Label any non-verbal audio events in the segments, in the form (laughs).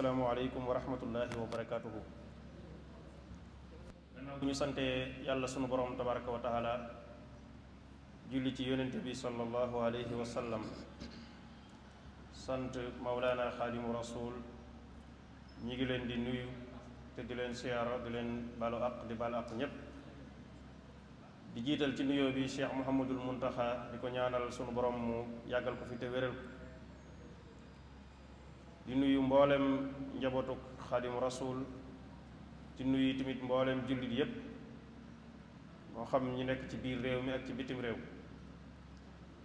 asalaamualeykum wa rahmatullahi wa barakaatuhu. gannaaw bu ñu santee yàlla sunu borom tabaraka wa taala julli ci yonent bi sallallahu alayhi wa sallam sant Maulana xaadimu rasul ñi ngi leen di nuyu te di leen siyaara di leen balu aq di balu aq ñépp di jiital ci nuyoo bi Cheikh Mouhamadul Muntaxa di ko ñaanal sunu borom mu yàggal ko fi te wéral ko di nuyu mboolem njabootuk xaadimu rasuul ci nuyu tamit mboolem jullit yépp moo xam ñu nekk ci biir réew mi ak ci bitim réew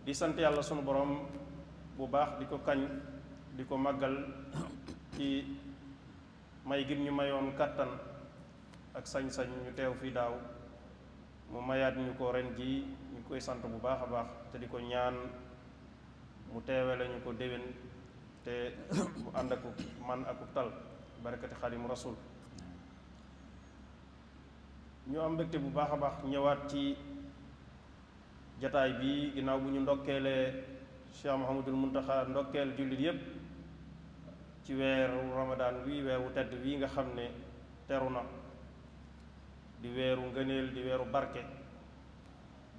di sant yàlla sunu borom bu baax di ko kañ di ko màggal ci may gim ñu mayoon kàttan ak sañ-sañ ñu teew fii daaw mu mayaat ñu ko ren jii ñu koy sant bu baax a baax te di ko ñaan mu teewee lañu ko déwén te bu ànd ak man ak tal barakati xaadimu rasul ñu am mbégte bu baax a baax ñëwaat ci jataay bi ginnaaw bu ñu ndokkeelee Cheikh Mouhamadul Muntaxa ndokkeel jullit yépp ci weeru ramadaan wi weeru tedd wi nga xam ne teru na di weeru ngëneel di weeru barke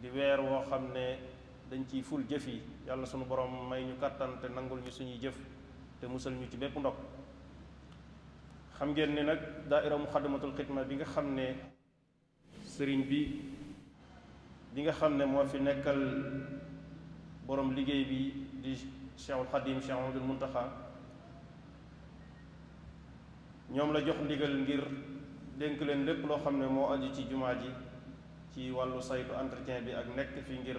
di weer woo xam ne dañ ciy ful jëf yi yàlla sunu borom may ñu kàttan te nangul ñu suñuy jëf te musal ñu ci bépp ndog xam ngeen ni nag daaira muxaddamatul xidma bi nga xam ne sëriñ bi bi nga xam ne moo fi nekkal borom liggéey bi di cheikhul xadim cheikh amadul muntaxa ñoom la jox ndigal ngir dénk leen lépp loo xam ne moo aju ci jumaa ji ci wàllu saytu entretien bi ak nekk fi ngir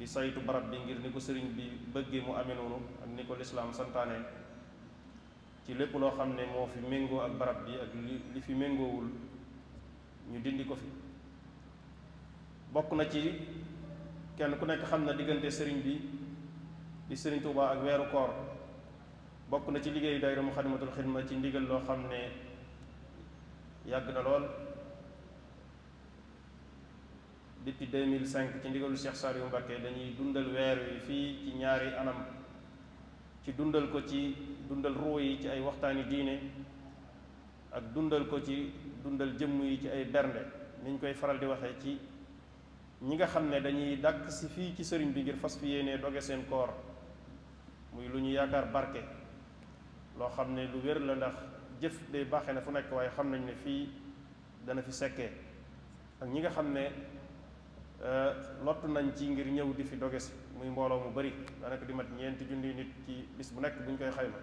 di saytu barab bi ngir ni ko sëriñ bi bëggee mu amee noonu ak ni ko lislaam santaane ci lépp loo xam ne moo fi méngoo ak barab bi ak li li fi méngoowul ñu dindi ko fi bokk na ci kenn ku nekk xam na diggante sëriñ bi di sëriñ Tuubaa ak weeru koor bokk na ci liggéeyu daayira Muxaddamatul Xidma ci ndigal loo xam ne yàgg na lool depuis 2005 ci ndigalu Cheikh Saliou Mbacké dañuy dundal weer wi fii ci ñaari anam ci dundal ko ci dundal ruu yi ci ay waxtaani diine ak dundal ko ci dundal jëmm yi ci ay bernde niñ koy faral di waxee ci ñi nga xam ne dañuy dàkk fii ci sëriñ bi ngir fas fi yéene doge seen koor muy lu ñu yaakaar barke loo xam ne lu wér la ndax jëf day baaxee na fu nekk waaye xam nañ ne fii dana fi sekkee ak ñi nga xam ne Eh, lottu nañ ci ngir ñëw di fi doge muy mbooloo mu bari daanaka di mat ñeenti junni nit ci bis bu nekk bu ñu koy xayma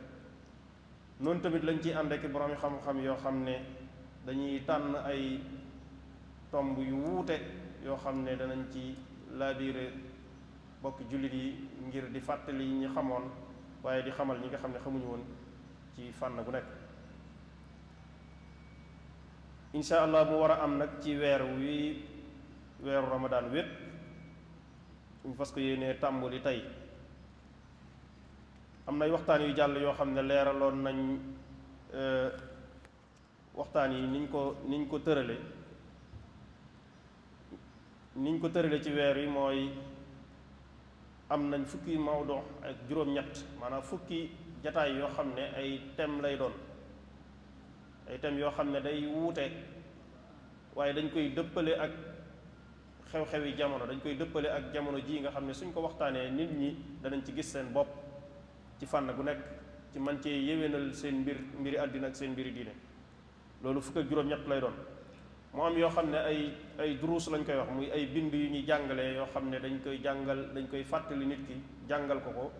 noonu tamit lañ ci ànd ak borom xam-xam yoo xam ne dañuy tànn ay tomb yu wuute yoo xam ne danañ ci laa laabiire bokk jullit yi ngir di fàttali ñi xamoon waaye di xamal ñi nga xam ne xamuñu woon ci fànn gu nekk incha allah mu war a am nag ci weer wi weeru ramadaan wépp ñu fas ko yéenee yi tey am nay waxtaan yu jàll yoo xam ne leeraloon nañ e, waxtaan yi niñ ko niñ ko tërale niñ ko tërale ci weer yi mooy am nañ fukki mawdo ak juróom-ñett maanaam fukki jataay yoo xam ne ay thème lay doon ay thèmes yoo xam ne day wuute waaye dañ koy dëppale ak xew-xewi jamono dañ koy dëppale ak jamono ji nga xam ne suñ ko waxtaanee nit ñi danañ ci gis seen bopp ci fànn gu nekk ci man cee yéwénal seen mbir mbiri àddina ak seen mbiri diine loolu fukk ak juróom-ñett lay doon mu am yoo xam ne ay ay duruus lañ koy wax muy ay bind yu ñuy jàngale yoo xam ne dañ koy jàngal dañ koy fàttali nit ki jàngal ko ko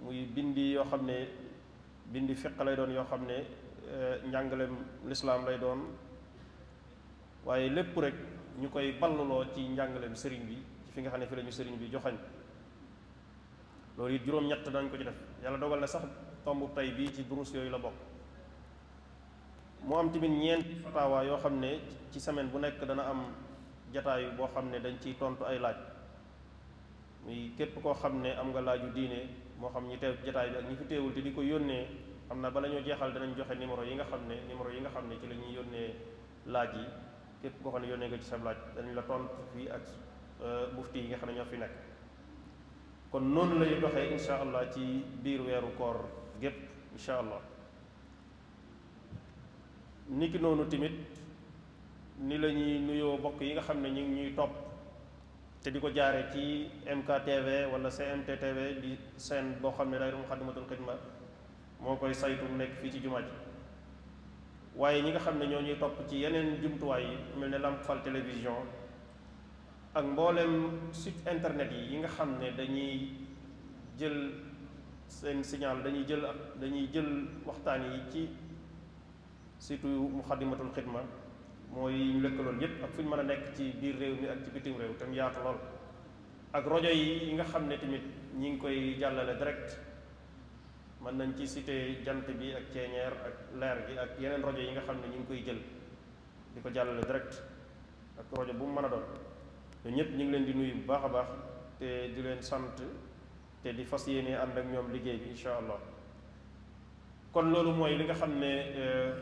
muy bindi yoo xam ne bindi fiq lay doon yoo xam ne eh, njàngaleem lislaam lay doon waaye lépp rek ñu koy balluloo ci njàngaleem sëriñ bi ci fi nga xam ne fi la sëriñ bi joxañ loolu it juróom-ñett dañ ko ci def yàlla dogal na sax tombu tey bii ci durus yooyu la bokk mu am tamit ñeenti fatawaa yoo xam ne ci semaine bu nekk dana am jataayu boo xam ne dañ ciy tontu ay laaj muy képp koo xam ne am nga laaju diine moo xam ñi teew jataay bi ak ñi fi teewul te di ko yónnee xam na ba lañoo jeexal danañ joxe numéro yi nga xam ne numéro yi nga xam ne ci la yónnee laaj yi képp koo xam ne nga ci sab laaj dañ la tontu fii ak euh, mufti yi nga xam ne ñoo fi nekk kon noonu lay doxee insha allah ci biir weeru koor gépp insha allah ni ki noonu tamit ni la ñuy nuyoo bokk yi nga xam ne ñu ngi ñuy topp te di ko jaaree ci MKTV wala CMTTV di seen boo xam ne daayira Muxaddamatul Xidma moo koy saytu nekk fii ci jumaa ji waaye ñi nga xam ne ñoo ñuy topp ci yeneen jumtuwaay yi mel ne Lamp Fall télévision ak mboolem site internet yi yi nga xam ne dañuy jël seen signal dañuy jël dañuy jël waxtaan yi ci surtout Muxaddamatul Xidma mooy ñu lëkkaloon yépp ak fu ñu mën a nekk ci biir réew mi ak ci bitim réew tam yaatu lool ak rojo yi yi nga xam ne tamit ñi ngi koy jàllale direct mën nañ ci cité jant bi ak ceeñeer ak leer gi ak yeneen rajo yi nga xam ne ñu ngi koy jël di ko jàllale direct ak rajo bu mu mën a doon te ñëpp ñu ngi leen di nuyu bu baax a baax te di leen sant te di fas yéene ànd ak ñoom liggéey bi incha allah kon loolu mooy li nga xam ne euh,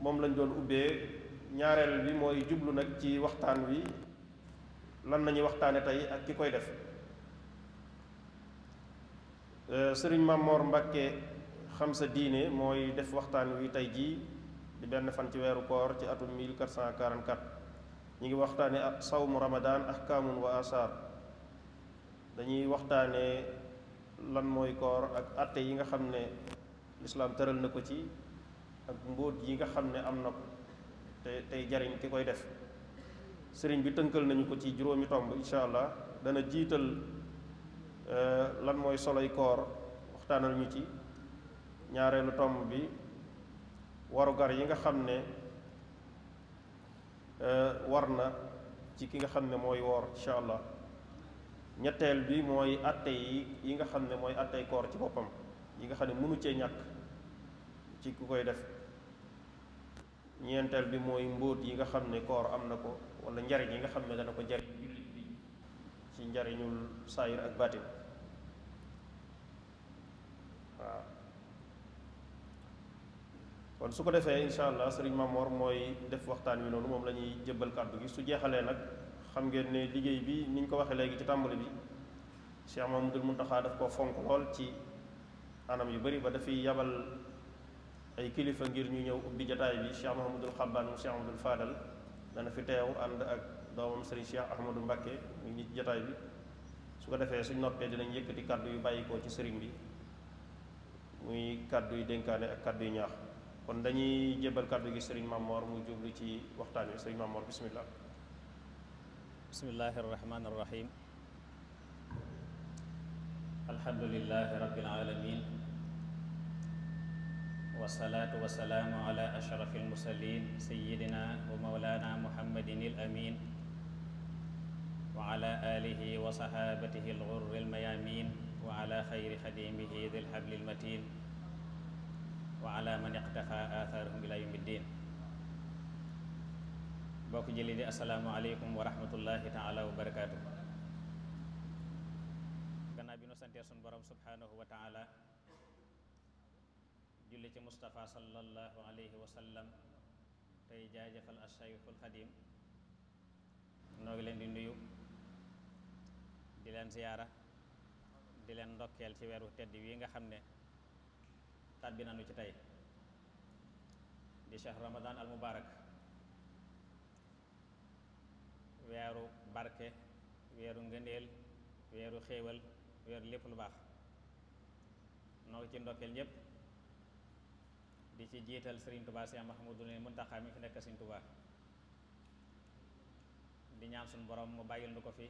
moom lañ doon ubbee ñaareel bi mooy jublu nag ci waxtaan wi lan nañuy waxtaane tey ak ki koy def Euh, sëriñ Mamor Mbakke xam sa diine mooy def waxtaan wi tey jii di benn fan ci weeru koor ci atum 1444 ñu ngi waxtaane ak sawmu Ramadan ahkaamun wa asaar dañuy waxtaane lan mooy koor ak atte yi nga xam ne lislaam tëral na ko ci ak mbóot yi nga xam ne am na ko te tey jariñ ki koy def sëriñ bi tënkal nañu ko ci juróomi tomb incha allah dana jiital Euh, lan mooy soloy koor waxtaanal ñu ci ñaareelu tomb bi warugar yi nga xam ne euh, war na ci ki nga xam ne mooy woor incha allah ñetteel bi mooy atte yi nga xam ne mooy attey koor ci boppam yi nga xam ne mënu cee ñàkk ci ku koy def ñeenteel bi mooy mbóot yi nga xam ne koor am na ko walla njariñ yi nga xam ne dana ko jariñ bi ci njariñul saayir ak baatin waaw kon su ko defee incha allah sëriñ Mamor mooy def waxtaan wi noonu moom la ñuy jébbal kàddu gi su jeexalee nag xam ngeen ne liggéey bi ni ñu ko waxee léegi ci tàmbali bi Cheikh Mamadou Mountakha daf koo fonk lool ci anam yu bari ba dafiy yabal ay kilifa ngir ñu ñëw ubbi jataay bi Cheikh Mahamadul Xabbaan mu Cheikh Mahamadul Fadal dana fi teew ànd ak doomam sëriñ Cheikh Ahmadou Mbacke mu jataay bi su ko defee suñ noppee dinañ yëkkati kàddu yu bàyyikoo ci sëriñ bi muy kàddu yi dénkaane ak kàddu yu ñaax kon dañuy jébbal kàddu gi sëriñ mu jublu ci waxtaan wi sëriñ Mamor bisimilah. bismillahi arrahmani arrahim alhamdulilahi rabbil alamin wasalaatu wasalaamu ala ashrafi almursalin sayidina wa maulana muhammadin al amin wa ala al ghurri al wa ala xayri xadimihi dil xablil matin wa ala man iqtafa athaarahum ila yawmi ddin bokk jëli di asalaamu aleykum wa rahmatullahi taala wa barakaatu gannaaw bi nu santee sun borom subhanahu wa taala julli ci Mustafa sallallahu alayhi wa sallam tey jaajëfal ashaykhul xadim noo ngi leen di nuyu di leen ziyaara di leen ndokkeel ci weeru tedd wi nga xam ne tàbbi nañu ci tey di shahru ramadan al mubarak weeru barke weeru ngëndeel weeru xéewal weeru lépp lu baax noo ci ndokkeel ñëpp di ci jiital sëriñ Serigne Touba Cheikh Mouhamadoul Mountakha mi fi nekk Serigne Touba di ñaan suñ borom mu bàyyil nu ko fi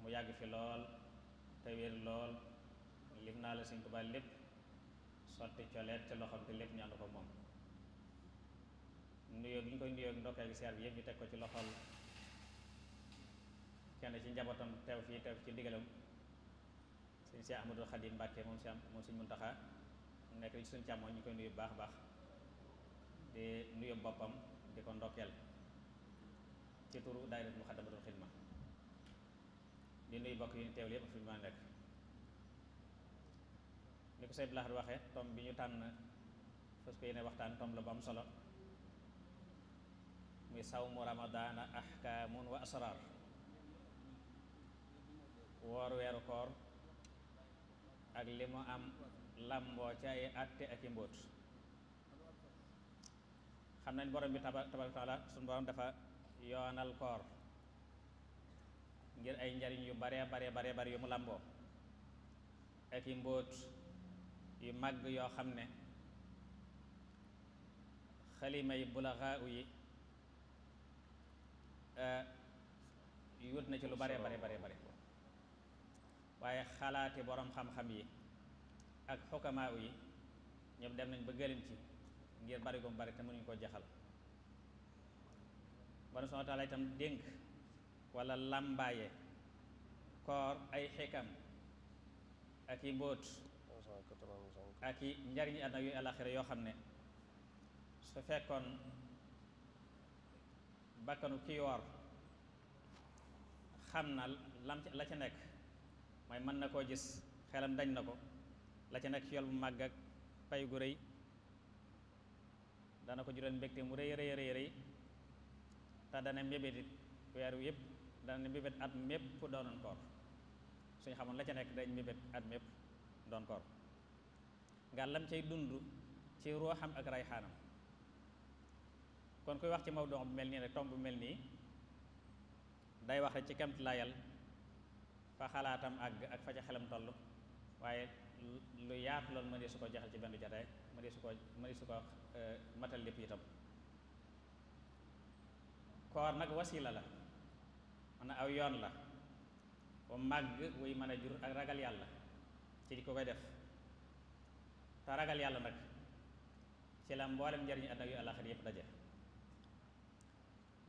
mu yàgg fi lool te wér lool lim naa la sëñ Tuubaa lépp sotti coleet ci loxoom te lépp ñu ko moom nuyoo bi ñu koy nuyoo ndokkeel gi seer bi yëpp ñu teg ko ci loxol kenn ci njabootam teew fii teew ci ndigalam sëñ Cheikh Ahmadou Khadim Mbacke moom si am moom sëñ Muntaxa nekk ci suñ càmmoñ ñu koy nuyu baax baax di nuyu boppam di ko ndokkeel ci turu daayira Muxaddamatul Xidma li nuyu bokk yi ñu teewlu yëpp fu ñu mën nekk ni ko Seydou Lahad waxee tomb bi ñu tànn fas ko yéene waxtaan tomb la bu am solo muy sawmu ramadaana ahkaamun wa asraar woor weeru koor ak li mu am làmboo ci ay àtte ak i mbóot xam nañ borom bi tabaaraka wa taala suñu borom dafa yoonal koor ngir ay njariñ yu bare bare bare bare yu mu làmboo ak i mbóot yu màgg yoo xam ne xalima yi bulaxaa u yi eh, yut na ci lu bare bare bare bare waaye xalaati boroom xam-xam yi ak xukamaa yi ñoom dem nañ ba gëlin ci ngir bari gum bari te mënuñu koo jaxal bana subhaanahu wa taala itam dénk wala làmbaaye koor ay xikam ak i mbóot ak i njariñi àdduna yuy alaxira yoo xam ne su fekkoon bakkanu ki yoor xam na lam la ca nekk mooy mën na koo gis xelam dañ na ko la ca nekk ci yool bu màgg ak pay gu rëy dana ko jural mbégte mu rëy rëy rëy te dana mbébétit weeru yëpp dana mbébét at mépp doonoon koor suñ xamoon la ca nekk dañ mbébét at mépp doon koor nga lam cay dund ci ruuxam ak rayxaanam kon kuy wax ci maw doom mel nii rek tomb bu mel nii day wax rek ci kemt layal fa xalaatam àgg ak fa ca xelam toll waaye lu yaatu loolu mënee su ko jaxal ci benn jataay mënee su ko mënee su ko eh, matal lépp itam koor nag wasila la mën na aw yoon la wa màgg wuy mën a jur ak ragal yàlla ci ko koy def te ragal yàlla nag ci la mboolem njariñu àddina yu àllaaxira yëpp daje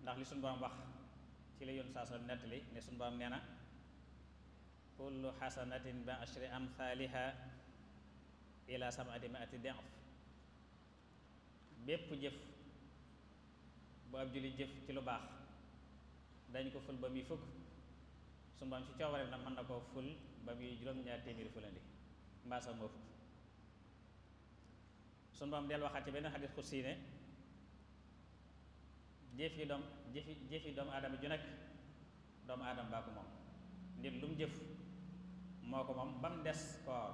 ndax li suñu borom wax ci la yoon saa soo nettali ne suñu borom nee na kullu xasanatin bi ashri amthaliha ila sam'ati mi'ati di'f bépp jëf bu ab julli jëf ci lu baax dañ ko ful ba muy fukk suñu borom ci coobareem nag mën na koo ful ba muy juróom-ñaar téeméeri fulandi mbaa sax moo fukk suñu borom waxaat ci benn xadis ku jëf yi doom jëf jëf yi doomu aadama ju nekk doomu aadama baa ko moom nit lu mu jëf moo ko moom ba mu des koor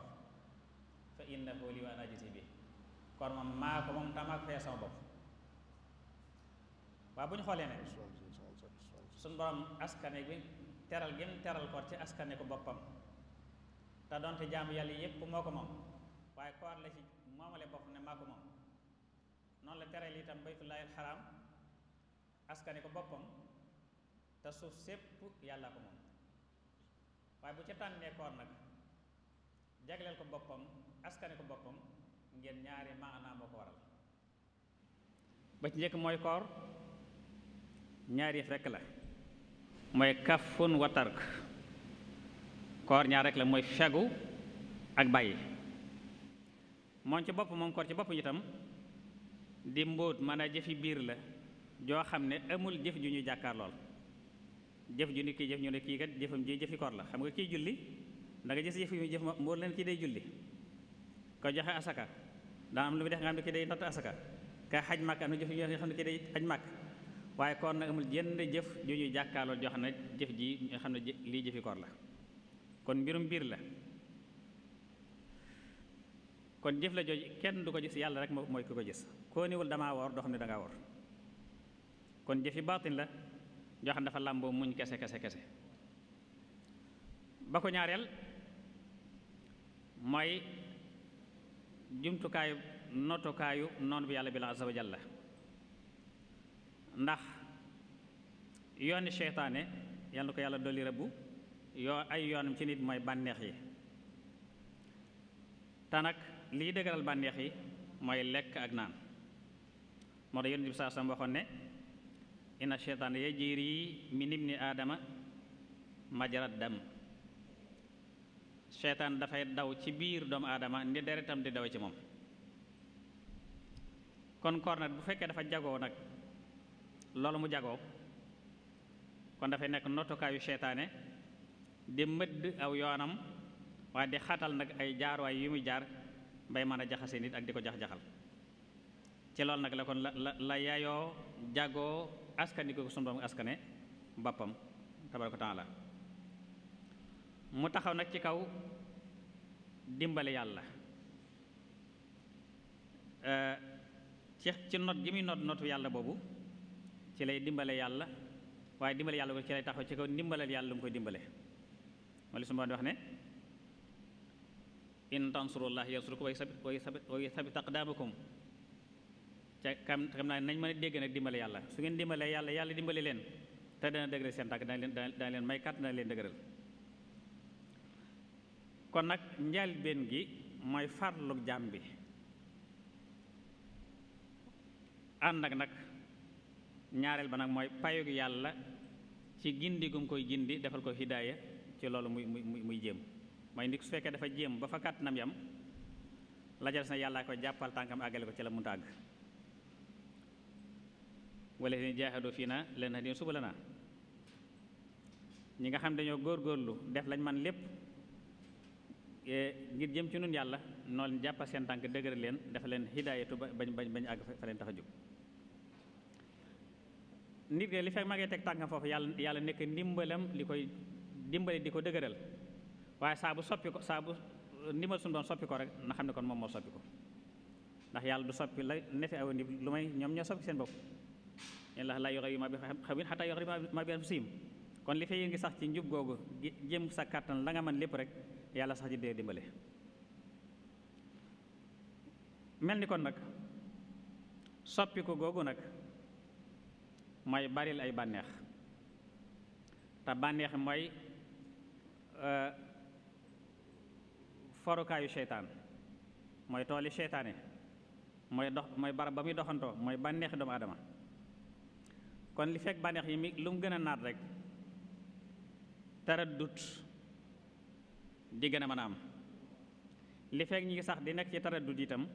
fa innahu li wa ana ajzi bi koor moom maa ko moom tamaa ko sama bopp waaw bu ñu xoolee ne suñ borom askane bi teral gim teral ko ci askane ko boppam te donte jaamu yàlla yépp moo ko moom waaye koor la ci moomale bopp ne maa ko moom noonu la teral itam baytullahi alxaram askane ko boppam te suuf sépp yàlla ko moom waaye bu ca tànnee koor nag jagleel ko boppam askane ko boppam ngeen ñaari maanaa moo ko waral ba ci njëkk mooy koor ñaari yëf rekk la mooy kafun wa tark koor ñaar rek la mooy fegu ak bàyyi moom ci bopp moom koor ci bopp ñu itam di mbóot mën a jëfi biir la joo xam ne amul jëf ju ñu jàkkaar lool jëf ju ni kii jëf ñu ne kii kat jëfam ji jëfi la xam nga kii julli da nga gis jëf yu jëf mbóot leen kii day julli ko joxe asaka daa am lu mu def nga xam ne kii day natt asaka ka xaj màkk am na jëf yoo xam ne kii day xaj màkk waaye koor nag amul jenn jëf ju ñu jàkkaarloo joo xam jëf ji nga xam ne lii jëfi koor la kon mbirum biir la kon jëf la jooju kenn du ko jëf yàlla rek mooy ku ko gis koo niwul damaa woor doo ne dangaa woor kon jëfi baatin la joo ne dafa làmboo muñ kese kese kese ba ko ñaareel mooy jumtukaayu notukaayu noonu bi yàlla bi la azza wa jalla ndax yooni seytaane yal na ko yàlla dolli rëbbu yoo ay yoonam ci nit mooy bànneex yi te nag liy dëgëral bànneex yi mooy lekk ak naan moo tax yonent bi saa sam waxoon ne inna seytaane yajri min ibni aadama majarat dam seytaan dafay daw ci biir doomu aadama ni deretam di daw ci moom kon koor nag bu fekkee dafa jagoo nag loolu mu jagoo kon dafay nekk nottukaayu seytaane di mëdd aw yoonam waaye di xatal nag ay jaarwaay yu muy jaar mbay mën a jaxase nit ak di ko jax-jaxal ci loolu nag la kon la la yaayoo jagoo askani ko sunu borom askane boppam tabaraka la mu taxaw nag ci kaw dimbali yàlla euh, ci ci not gi muy not nottu yàlla boobu ci lay dimbale yàlla waaye dimbale yàlla ko ci lay taxaw ci kaw ndimbalal yàlla lu mu koy dimbale moo li suma di wax ne in tansurullah yansurkum wa yuthabbit aqdamakum ca kam xam naa nañ mën a dégg nag dimbale yàlla su ngeen dimbalee yàlla yàlla dimbali leen te dana dëgëral seen tànk dana leen dana leen may kàtt dana leen dëgëral kon nag njëlbéen gi mooy farlu jaam bi ànd ak nag ñaareel ba nag mooy payug yàlla ci gindi gum koy gindi defal ko hidaaya ci loolu muy muy muy jéem mooy ndi su fekkee dafa jéem ba fa kàttanam yam lajares na yàllaa ko jàppal tànkam àggale ko ci la munta àgg wala si jaaxadoo fii na leen di suba la naa ñi nga xam dañoo góorlu def lañ man lépp e, ngir jëm ci nun yàlla noonu jàppal seen tànk dëgëral leen dafa leen hidaayatu ba bañ bañ bañ àgg fa leen tax a jóg nit ki li fekk ma ngay teg tànkam foofu yàlla yàlla nekk ndimbalam li koy dimbale di ko dëgëral waaye saabu bu soppi ko saabu bu uh, ndimbal suñu doon soppi ko rek na xam ne kon moom moo soppi ko ndax yàlla du soppi la ne fi aw nit lu may ñoom ñoo soppi seen bopp yen la laa yoxe ma bi xam in xataa yoxe ma kon li fee ngi sax ci njub googu jëm sa kàttan la nga lépp rek yàlla sax ji dee dimbale mel ni kon nag soppi ko googu nag mooy baril ay bànneex te bànneex mooy euh, forukaayu seytaan mooy tooli seytaane mooy dox mooy barab ba muy doxantoo mooy bànneexi doomu aadama kon li fekk bànneex yi mi lu mu gën a naat rek taraddut di gën a mën a am li fekk ñi ngi sax di nekk ci taraddut itam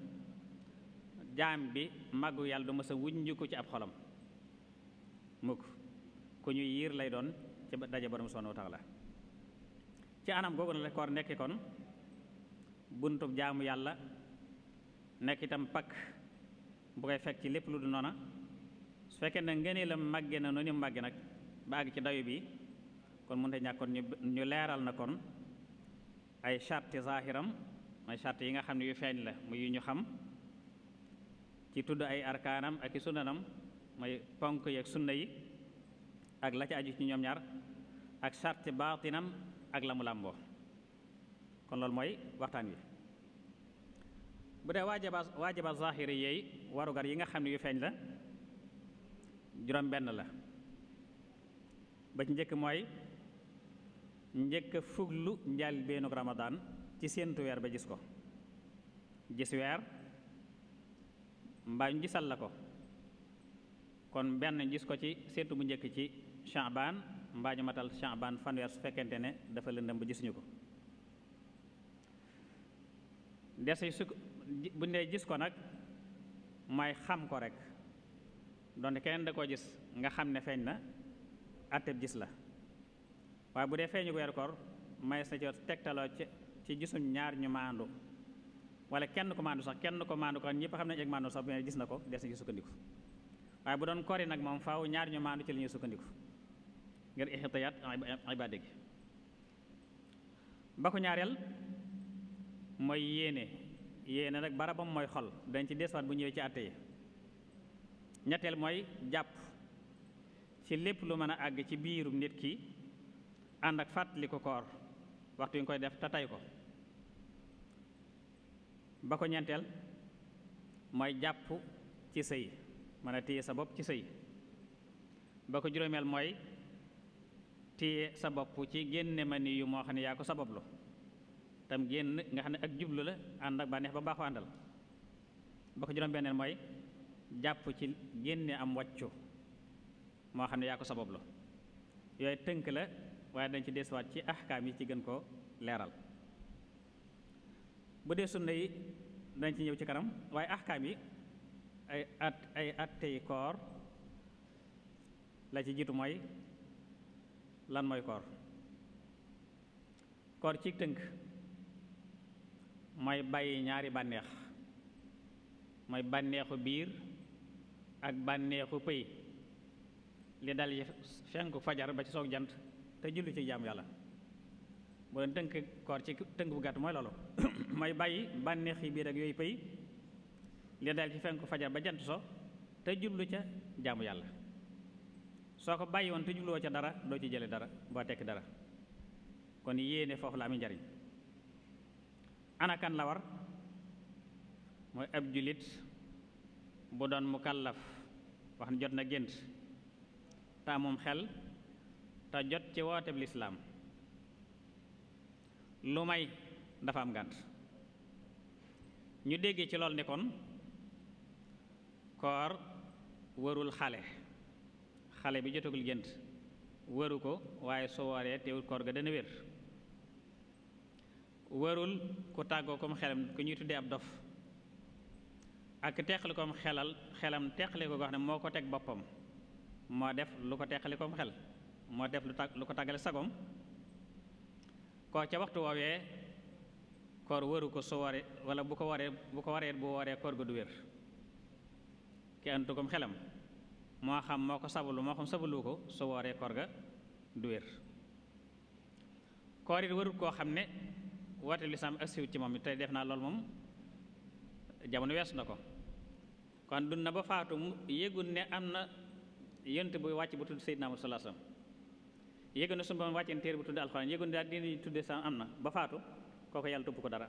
jaam bi màggu yàlla du mës wuñ wuññiku ci ab xolam mukk ku ñuy yiir lay doon ci daje borom subhaanahu wa taala ci anam googu na la nekki kon buntub jaamu yàlla nekk itam pakk bu koy fekk ci lépp lu du noona su fekkee ne ngëneelam màgge na noonu màgge nag ba àgg ci dayu bi kon mënta ñàkk kon ñu leeral na kon ay charti zahiram mooy charte yi nga xam ne yu feeñ la yu ñu xam ci tudd ay arkaanam ak i sunanam mooy ponk yeeg sunna yi ak la ci aju ci ñoom ñaar ak sarti baatinam ak la mu làmboo kon loolu mooy waxtaan wi bu dee waajaba waajaba zahiri yeey warugar yi nga xam ne yu feeñ la juróom benn la ba ci njëkk mooy njëkk a fuglu njaal beenug ramadaan ci séentu weer ba gis ko gis weer mbaa ñu gisal la ko kon benn gis ko ci seetu bu njëkk ci Shaaban mbaa ñu matal Shaaban fanweer su fekkente ne dafa lëndëm ba gisuñu ko des su bu gis ko nag mooy xam ko rek donte keneen da koo gis nga xam ne feeñ na atteb gis la waaye bu dee feeñu weer koor may sa co tegtaloo ci ñaar ñu maandu kenn ko maandu sax kenn na ko des na ci sukkandiku waaye bu doon kori nag moom faaw ñaar ñu maandu ci li ñuy sukkandiku ngir ixtiyaat ibaade gi ba ko ñaareel mooy yéene yéene nag barabam mooy xol dañ ci desuwaat bu ñëwee ci àtte yi ñetteel mooy jàpp ci lépp lu mën a àgg ci biirum nit ki ànd ak fàttali koor waxtu yi nga koy def te tay ko ba ko ñeenteel mooy jàpp ci sëy man a téye sa bopp ci sëy boo ko juróomeel mooy téye sa bopp ci génne ma ni yu moo xam ne yaa ko sabablu tam génn nga xam ne ak jublu la ànd ak ba bànneex ba baaxu àndal ba ko juróom beneen mooy jàpp ci génne am wàccu moo xam ne yaa ko sabablu yooyu tënk la waaye dañ ci desuwaat ci axkaam yi ci gën koo leeral bu dee sunna yi dañ ci ñëw ci kanam waaye axkaam yi ay at ay attey koor la ci jitu mooy lan mooy koor koor ci tënk mooy bàyyi ñaari bànneex mooy bànneexu biir ak bànneexu pëy li dal yi fenku fajar ba ci soog jant te julli ci jaam yàlla bu doon tënk koor ci tënk bu gàtt mooy loolu (coughs) mooy bàyyi bànneex biir ak yooyu pëy li daal ci fenk fajar ba jant so te jublu ca jaamu yàlla soo ko bàyyi woon te jubluwoo ca dara doo ci jële dara boo tekki dara kon yéene foofu la amee njariñ ana kan la war mooy ab julit bu doon mu kàllaf wax ne jot na gént te amum xel te jot ci woote lislaam lu may dafa am ngànt ñu déggee ci lool nekkoon koor warul xale xale bi jotagul gént wëru ko waaye su wooree teewul koor ga dana wér wërul ku tàggoo kom xelam ku ñuy tuddee ab dof ak teqali kom xelal xelam teqali ko ne moo ko teg boppam moo def lu ko teqali kom xel moo def lu tag lu ko tàggale sagom koo ca waxtu woowee koor waru ko su wooree wala bu ko waree bu ko waree bu wooree koor ga du wér ki ànd ko xelam moo xam moo ko sabalu moo xam sabalu ko su wooree koor ga du wér koor it warul koo xam ne woote lislaam ak siwut ci moom it tey def naa lool moom jamono weesu na ko kon dund na ba faatu mu yëgul ne am na yonent bu wàcc bu tudd Seydina Muhammad sallallahu alayhi wasallam yëgul ne suñu borom wàcceen téere bu tudd alxuraan yëgul ne daal diine yi tuddee am na ba faatu kooku yàlla topp ko dara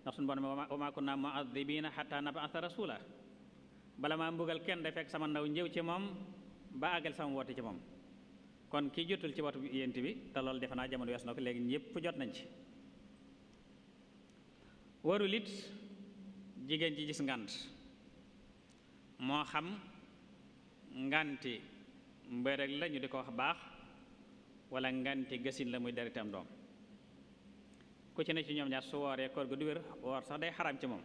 ndax suñu borom wa maa kunna mu'adhibiina hattaa nab'atha rasuula bala maa mbugal kenn da fekk sama ndaw njëw ci moom ba àggal sama woote ci moom kon kii jotul ci watu yént bi te loolu defe naa jamono wees na ko léegi ñëpp jot nañ ci warul it jigéen ji gis ngànt moo xam nganti mbërëg la ñu di ko wax baax wala nganti gësin la muy deritam doom ku ci ne ci ñoom ñaar su wooree koor gu du wér woor sax day xaram ci moom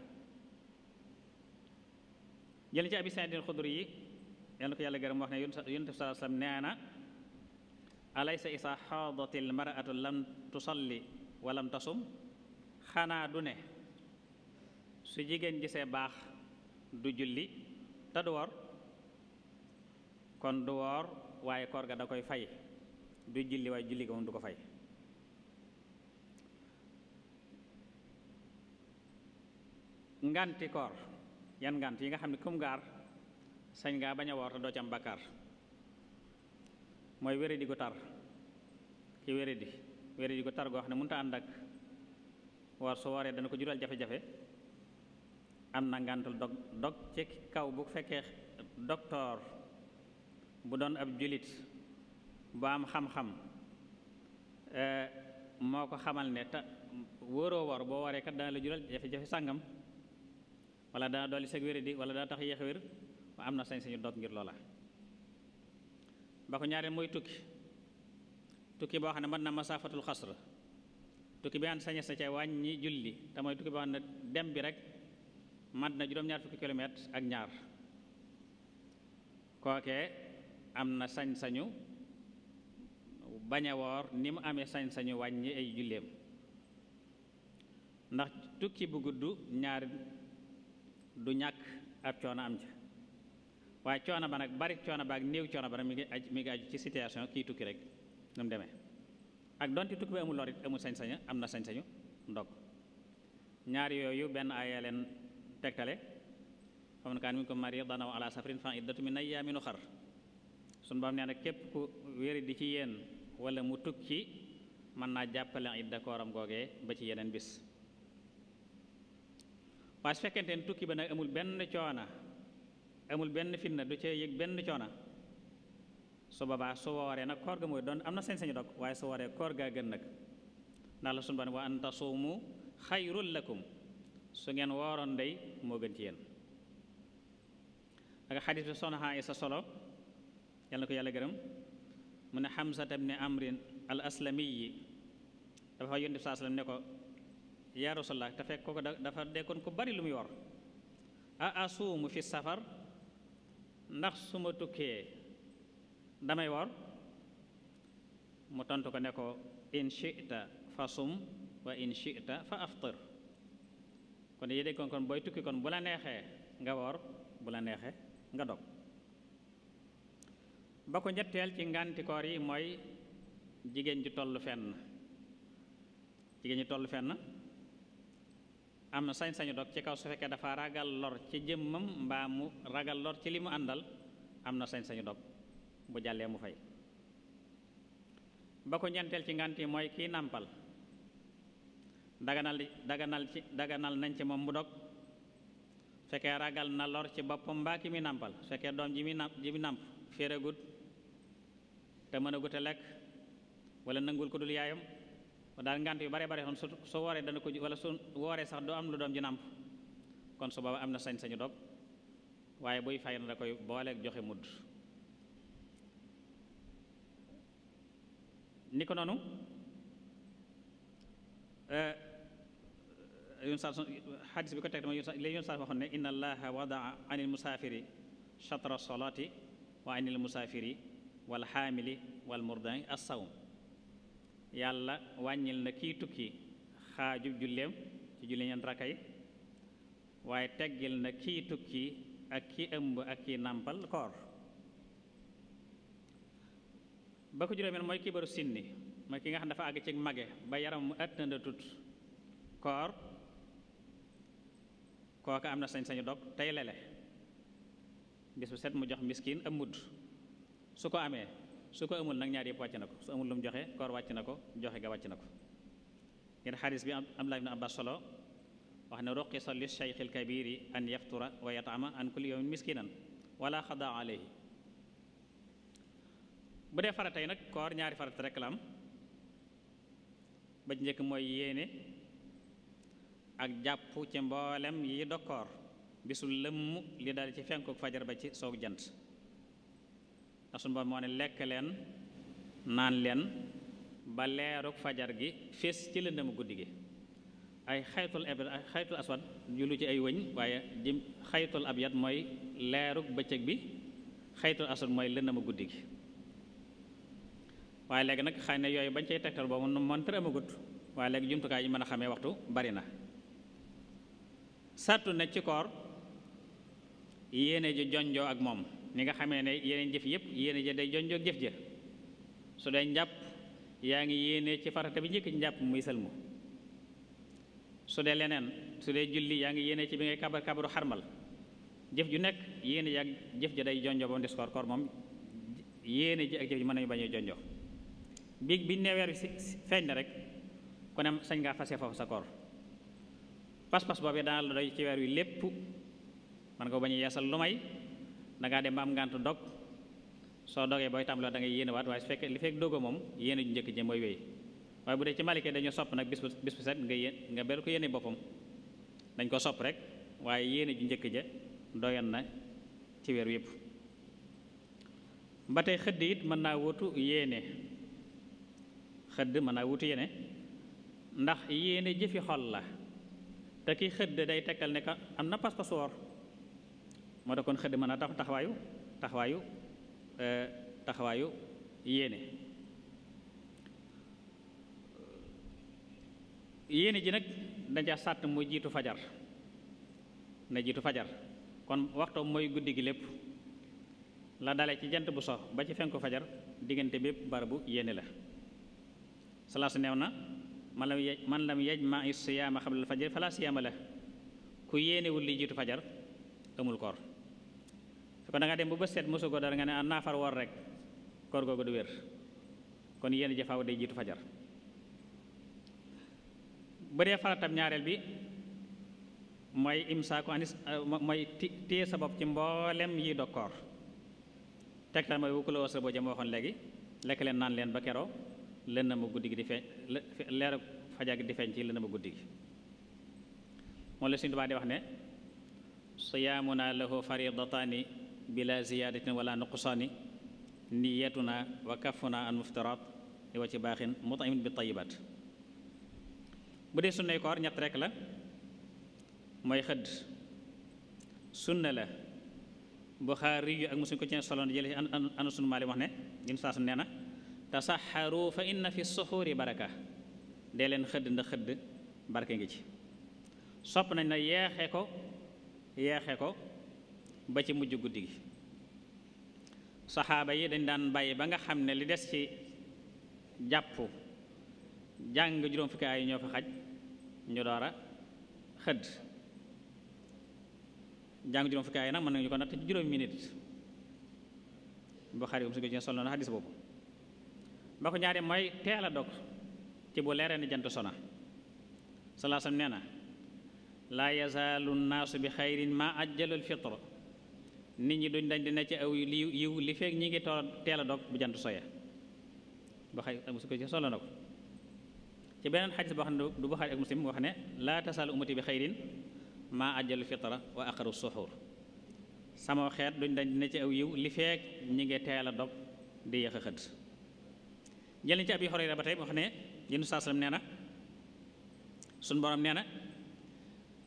jël ci abi saydin xudri yi yal na ko yàlla gërëm wax ne yonent bi salaa sallam nee na alaysa isa lam tusalli wa tasum xanaa du ne su jigéen gisee baax du julli te du woor kon du woor waaye koor ga da koy fay du julli waaye julli ga moom du ko fay nganti koor yan ngànt yi nga xam ne kum gaar sañ ngaa bañ a woor te doo ci am mooy wéradi gu tar ki wéradi wéradi gu tar goo xam ne mënut a ànd ak woor su wooree dana ko jural jafe-jafe am na ngàntul dog dog ci kaw bu fekkee doktoor bu doon ab julit bu am xam-xam eh, moo ko xamal ne te wóoroo woor boo wooree kat dana la jural jafe-jafe sàngam wala daa dolli seg wéri di wala daa tax yéex wér ba am na sañ-sañu dog ngir loola ba ko ñaareel mooy tukki tukki boo xam ne mën na masaafatul xasr tukki bi an sañes na ca wàññi julli te mooy tukki ne dem bi rek mat na juróom-ñaar fukki kilomètre ak ñaar kookee am na sañ-sañu bañ a woor ni mu amee sañ-sañu wàññi ay julleem ndax tukki bu gudd ñaari du ñàkk ab coono am ca waaye coono ba nag bari coono ba ak néew coono ba nag mi ngi aju mi ngi aju ci situation kii tukki rek nu mu ak donte tukki bi amul lorit amul sañ-sañu am na sañ-sañu ndog ñaar yooyu benn aaya leen tegtale faman kaana minkum mariidan aw alaa safarin fa iddatun min ayyaamin ukhar suñu borom nee na képp ku wéri di ci yéen wala mu tukki mën naa jàppale idda kooram googee ba ci yeneen bis waaye su fekkente tukki ba nag amul benn coona amul benn fitna du cee yëg benn coona su boobaa su wooree nag koor ga mooy doon am na sañ-sañu dog waaye su wooree koor gaa gën nag ndax la suñu ban wa an tasuumu xayrul lakum su ngeen wooroon day moo gën ci yéen ak xadis bi soxna Aysa solo yal na ko yàlla gërëm mu ne Xamsata bni Amrin al Aslami yi dafa yónni bi saa ne ko yaa rasulallah te fekk da dafa dekkoon ko bari lu muy war a asuumu fi safar ndax su ma tukkee damay war mu tontu ko ne ko in shita fa sum wa in shita fa aftir kon yi déggoon kon booy tukki kon bu la neexee nga wor bu la neexee nga dog ba ko ñetteel ci ngàntikoor yi mooy jigéen ji toll fenn jigéen ji toll fenn am na sañ-sañu dog ci kaw su fekkee dafa ragal lor ci jëmmam mbaa mu ragal lor ci li mu àndal am na sañ-sañu dog bu jàllee mu fay ba ko ñenteel ci ngànt yi mooy kii nàmpal daganal daganal ci daganal nañ ci moom mu dog fekkee ragal na lor ci boppam mbaa ki muy nàmpal fekkee doom ji muy nàmp ji muy nàmp féeregut te mën a gute lekk wala nangul ko yaayam kon daal ngante yu bare bare kon su wooree dana ko wala su wooree sax doo am lu doom ji nàmp kon su booba am na sañ-sañu dog waaye buy fay na da koy booleek joxe mudd ni ko noonu eh, yun sa xadis bi ko teg dama léegi yun sa waxoon ne inna allaha wadaa anil musaafiri chatra solaati wa anil musaafiri wal xaamili wal murdan as sawm yàlla wàññil na kii tukki xaaju julleem ci julli rakka yi waaye teggil na kii tukki ak kii ëmb ak kii nàmpal koor ba ko juróomeel mooy kibaru sinni mooy ki nga xam dafa àgg ci mage ba yaram mu ëtt na tut koor kooka am na sañ-sañu dog tey lele bis set mu jox miskin ëmmut su ko amee su ko amul nag ñaari yëpp wàcc na ko su amul lu mu joxe koor wàcc na ko joxe nga wàcc na ko ngeen xaalis bi am laa ibn abbas solo wax ne ruqisa li shaykhil kabiri an yaftura wa yatama an kulli yawmin miskinan wala xada alayhi bu dee farata nag koor ñaari farata rek ba ci njëkk mooy yéene ak jàpp ci mboolem yi dokkoor bisul lëmm li daal ci fenkook fajar ba ci soog jant ndax suñu borom moo ne lekk leen naan leen ba leeruk fajar gi fees ci lëndëmu guddi gi ay xaytul ab xaytul aswad julu ci ay wëñ waaye jim xaytul abyad mooy leeruk bëccëg bi xaytul aswad mooy lëndëmu guddi gi waaye léegi nag xëy na yooyu bañ cay tegtal boobu moom tër amagut waaye léegi jumtukaay yi mën a xamee waxtu bari na sartu na ci koor yéene ju jonjoo ak moom ni nga xamee ne yeneen jëf yëpp yéene ja day jonjoog jëf ja su dee njàpp yaa ngi yéene ci farata bi njëkk jàpp njàpp muy sëlmu su dee leneen su dee julli yaa ngi yéene ci bi ngay kabar kabaru xarmal jëf ju nekk yéene ja ak jëf ja day jonjo ba mu des koor koor moom yéene ji ak jëf ji mën nañu bañ a jonjo bi bi neweer bi feeñ na rek ku ne sañ ngaa fase foofu sa koor pas-pas boobu daana la ci weer wi lépp man ko bañ a yasal lu may da dem ba am ngànt dog soo dogee booy tàmbaloo da ngay yéene waat waaye su fekkee li fekk dogo moom yéene ju njëkk ji mooy wéy waaye bu dee ci malike dañu sopp nag bis bu bis set nga yen nga beral ko yéene boppam dañ ko sopp rek waaye yéene ju njëkk ja doyoon na ci weer yépp ba tey xëdd it mën naa wutu yéene xëdd mën naa wutu yéene ndax yéene jëfi xol la te ki xëdd day tekkal ne ka am na pas-pas woor moo tax kon xëdd mën a tax taxawaayu taxawaayu euh, taxawaayu yéene yéene ji nag dañ ca sàtt mu jiitu fajar na jiitu fajar kon waxtoom mooy guddi gi lépp la dale ci jant bu so ba ci fenku fajar diggante bépp barabu yéene la salaas neew na man lam yaj man lam yaj ma siyaama xablal fajar fala siyaama la ku yéenewul li jiitu fajar amul koor kon da dem ba bës seet mosugoo dara nga ne a ah naafar woor rek koor googu du wér kon yéen ji faaw day jiitu fajar bu faratam ñaareel bi mooy imsaaku anis mooy téye sa bopp ci mboolem yi dog koor tegtal mooy wukku la wasa boo jëm waxoon léegi lekk leen naan leen ba keroo lëndama guddi gi di feeñ leeru fajar gi di feeñ ci lëndama guddi gi moom la Sëriñ Tuubaa di wax ne siyaamuna lahu faridataani bila ziyaadatin wala nuqsaani niyatuna wa kafuna an muftaraat li wa ci baaxin mutaimin bi tayibaat bu dee sunnay ñett rekk la mooy xëdd sunna la buxaari yu ak muslim ko ci soloon jële ana sunu maali wax ne din saasu nee na tasaxaru fa inna fi suxuuri baraka dee leen xëdd ndax xëdd barke ngi ci sopp nañ na yeexe ko yeexe ko ba ci mujj guddi gi saxaaba yi dañ daan bàyyi ba nga xam ne li des ci jàpp jàng juróom fukki ay ñoo fa xaj ñu door xëdd jàng juróom fukki nag mën nañu ko natt ci juróomi minute Buxaari um su ko ci sol na xadis boobu ba ko ñaare mooy teel a dog ci bu leeree ni jant sona salaasam nee na laa yazaalu nnaasu bi xayrin ma ajjalul fitra nit ñi duñ dañ di ci aw yiw li fekk ñi ngi teel a dog bu jant soya ba xay amusi ko ci solo na ko ci beneen xadis boo xam ne du Buxaari ak Muslim wax ne laa tasal umati bi xayrin maa ajjalu fitra wa sama xeet duñ dañ di ne ci aw yiw li fekk ñi ngi teel dog di yéex a xëdd jëliñ ci Abi Hurayra ba tey wax ne yéen saa sallam nee na suñ borom nee na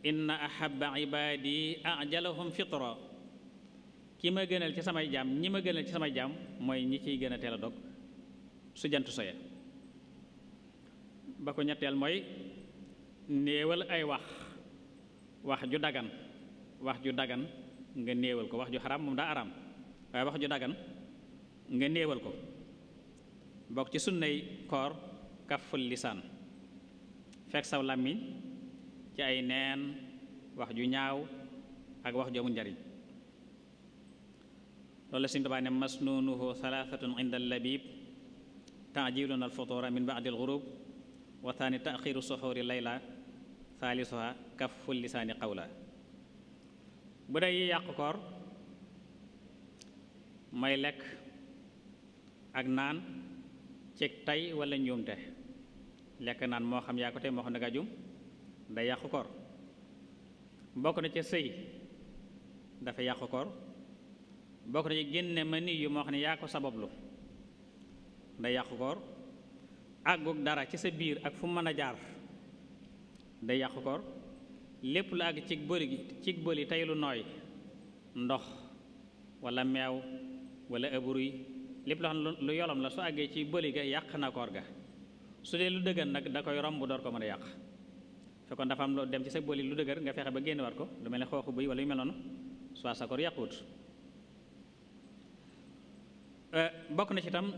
inna ahabba ibadi ajalahum fitra ki ma gënal ci samay jaam ñi ma gënal ci samay jaam mooy ñi ciy gën a teel a dog su jant soye ba ko ñetteel mooy néewal ay wax wax ju dagan wax ju dagan nga néewal ko wax ju xaraam moom daa wax ju dagan nga néewal ko bokk ci sunnay koor kaful lisaan fekk saw làmmiñ ci ay neen wax ju ñaaw ak wax ju amul njariñ loolu la Sëñ Tuubaa ne masnuunuhu thalathatun inda allabib taajilun alfutura min baadi alxurub wa thani taxiru soxoori layla thaalisuha kafu lisaani qawla bu dee yàq koor mooy lekk ak naan ci tay wala njuumte lekk naan moo xam yaa ko tey moo xam ne day yàqu koor bokk na ca sëy dafa yàqu koor bokk na ci génne ma nii yu moo xam ne yaa ko sabablu day yàqu koor àggug dara ci sa biir ak fu mën a jaar day yàqu koor lépp lu àgg cig bëli cig bëli tey lu nooy ndox wala meew wala ëbruy lépp loo xam ne lu yolom la su àggee ci bëli ga yàq na koor ga su dee lu dëgër nag da koy romb door ko mën a yàq fekkoon dafa am lu dem ci sa bëli lu dëgër nga fexe ba génn war ko lu mel ne xooxu bëy wala yu mel noonu soit sa koor yàquut Euh, bokk na ci itam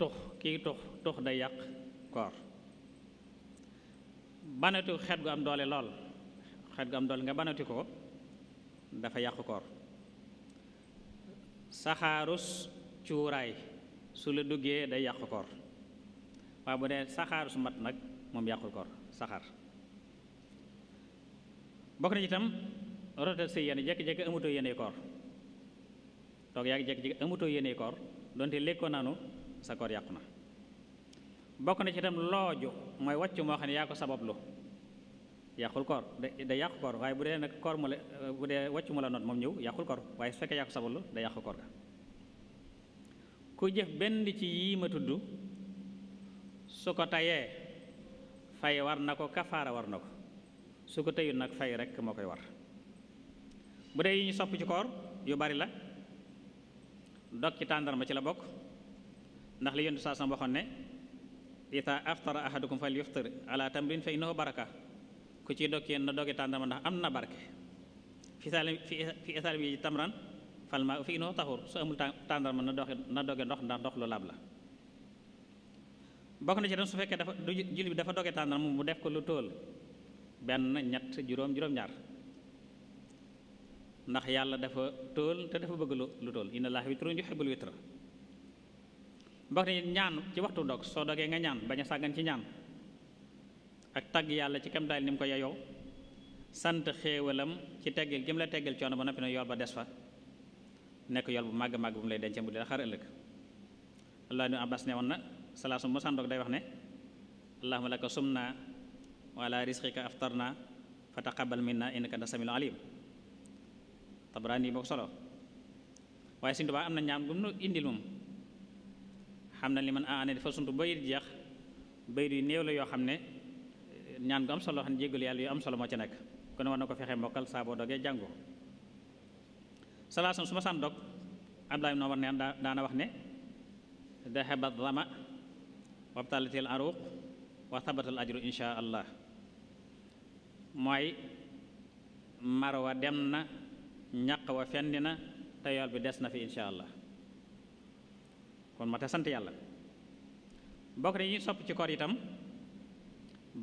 tux kii tux tux day yàq koor banatu xet gu am doole lool xet gu am doole nga banati ko dafa yàq koor saxaarus cuuraay su la duggee day yàq koor waa bu dee saxaarus mat nag moom yàqul koor saxaar bokk na ci itam rotal sa yéene jékki-jékki amutoo yéene koor toog yàgg jékki-jékki amutoo yéene koor donte lekkoo naanu sa koor yàqu na bokk na ci itam looju mooy wàcc moo xam ne yaa ko sabablu yàqul koor da yàqu koor waaye bu dee nag koor mu la bu dee wàcc mu la noot moom ñëw yàqul koor waaye su fekkee yaa ko sabablu da yàqu koor ga ku jëf benn ci yii ma tudd su ko tayee fay war na ko kafaara war na ko su ko teyul nag fay rekk moo koy war bu dee yi ñu sopp ci koor yu bari la dog ci tàndarma ci la bokk ndax li yontu saa sam waxoon ne ita aftara ahadukum fal yuftir ala tamrin fa innahu baraka ku ciy dog yéen na doge tàndarma ndax am na barke fi salim fi salim yi tamran fal ma fi innahu taxur su amul tàndarma na doge ndox ndax ndox lu laab la bokk na ci dem su fekkee dafa julli bi dafa doge tàndarma mu def ko lu tool benn ñett juróom juróom-ñaar ndax yàlla dafa tóol te dafa bëgg lu tóol inna laaha witrun yuhibbul witra mbokk ni ñaan ci waxtu dog soo dogee nga ñaan bañ a sàggan ci ñaan ak tàgg yàlla ci kam daal ni mu ko yeyoo sant xéewalam ci teggil gi mu la teggil coono ba noppi na yool ba des fa nekk yool bu màgg màgg bu mu lay dencee mu di la xar ëllëg allah nu abbas ne woon na salaasum mu sàndoog day wax ne allahumma laka sumna wa ala rizqika aftarna fa taqabbal minna innaka anta samiul alim Tabarani boo ko solo waaye Sëñ Tuubaa am na ñaan gu mu indil moom xam na li man aane dafa suntu bayit jeex bayit yu néew la yoo xam ne ñaan gu am solo xam ne jéggalu yàlla yu am solo moo ci nekk kon war na ko fexe mbokkal saa boo dogee jàngo salaasan su saan dog Abdoulaye Noor neen daana wax ne dahabat zama wabtalatil aruq wa thabatal ajru insha allah mooy marwa dem na ñaq wa fendi na te bi des na fi incha allah kon ma te sant yàlla bokk na ñuy sopp ci koor itam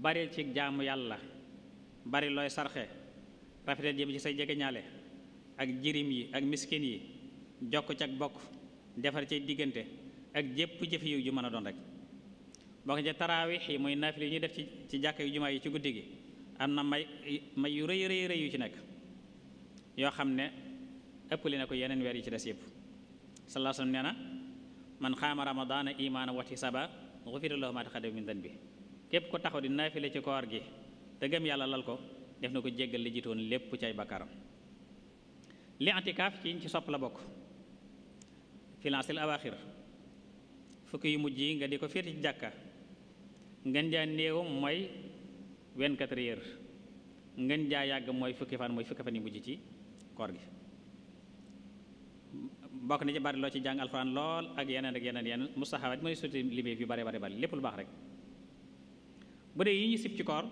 bari ci jàmm yàlla bari looy sarxe rafetal jëm ci say jegeñaale ak jirim yi ak miskin yi jokk ci ak bokk defar ci diggante ak jépp jëf yiw ju mën a doon rek bokk ci taraawix yi muy naafil yi ñuy def ci ci jàkk yu jumaa yi ci guddi gi am na may may yu rëy rëy rëy yu ci nekk yoo xam ne ëppale na ko yeneen weer yi ci des yëpp sallallahu alayhi wa nee na man xaama ramadaana imaana wati saba xufira lahu ma taqaddama min bi képp ko taxaw di naafile ci koor gi te gëm yàlla lal ko def na ko jéggal li jiitoon lépp cay ay bakkaaram li antikaaf ci ci sopp la bokk filancil awaaxir fukki yu mujj yi nga di ko féete ci jàkka ngën jaa néewam mooy 24 heures ngën yàgg mooy fukki fan mooy fukki fan yu mujj ci koor gi bokk na ci bari loo ci jàng alxuraan lool ak yeneen ak yeneen yeneen mustaxabaat mooy suti limeef yu bare bare bari lépp lu baax rek bu dee yi ñu sib ci koor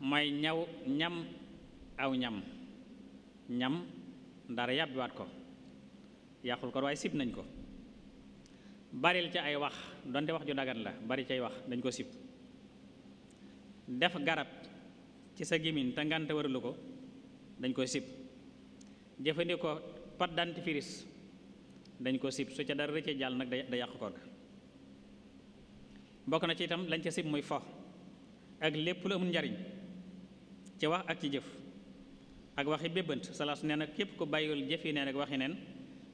mooy ñaw ñam aw ñam ñam dara yàbbiwaat ko yàqul ko waaye sib nañ ko baril ci ay wax donte wax ju dagan la bari cay wax dañ ko sib def garab ci sa gémmiñ te ngante waralu ko dañ koy sib jëfandikoo pâte firis dañ ko sib su ca dara rëcce jàll nag da yàq koor ga bokk na ci itam lañ ca sib muy fo ak lépp lu amul njariñ ci wax ak ci jëf ak waxi bébbant salaas nee na képp ku bàyyiwul jëf yi neen ak waxi neen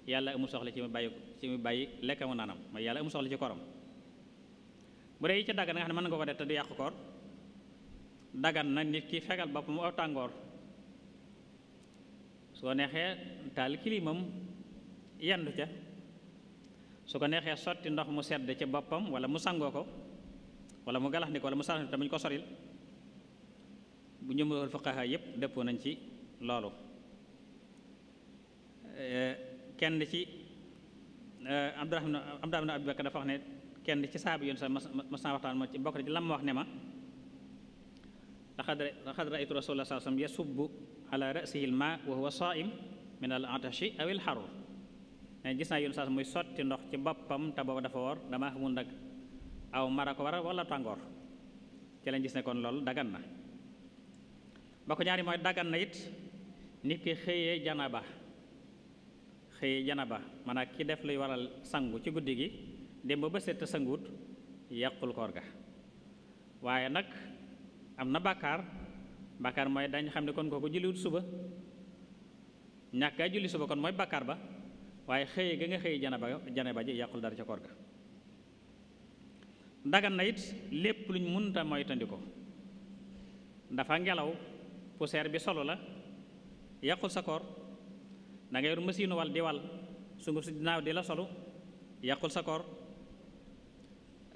yàlla amul soxla ci mu bàyyi ci mu bàyyi lekkamu naanam mooy yàlla amul soxla ci korom bu dee yi ca daggan nga xam ne mën nga ko def te du yàq koor dagan na nit ki fegal boppam aw tàngoor su ko neexee taal kilimam yendu ca su ko neexee sotti ndox mu sedd ca boppam wala mu sangoo ko wala mu galax ni ko wala mu sarax ni tamit ko soril bu ñu jumhurul fuqaha yépp dëppoo nañ ci loolu eh, kenn ci eh, Abdurahman Abdurahman Abi Bakar dafa wax ne kenn ci saaba yoon sa ma na waxtaan ma ci bokk na ci lam ma wax ne ma laqad ra'aytu rasulullah sallallahu alayhi wasallam yasubbu ala rasihi lma wa a saim min al atashi aw il xarur ne gis naa yoon saas muy sotti ndox ci boppam te booba dafa woor dama xamul nag aw mara ko waral wala tàngoor ci lañ gis ne kon loolu dagan na ba ko ñaari mooy dagan na it nit ki xëyee jana ba xëyee jana janaba maanaam ki def luy waral sangu ci guddi gi dem ba set sanguut yàqul koor ga waaye nag am na bàkkaar bàkkaar mooy dañ xam ne kon kooku julliwut suba ñàkk a julli suba kon mooy bàkkaar ba waaye xëye ga nga xëye janaba janaba ji yàqul dara ca koor ga dagan na it lépp luñ munta moytandi moytandikoo dafa ngelaw poussière bi solo la yàqul sa koor da nga yor wal di wal sunguf si dinaaw di la solu yàqul sa koor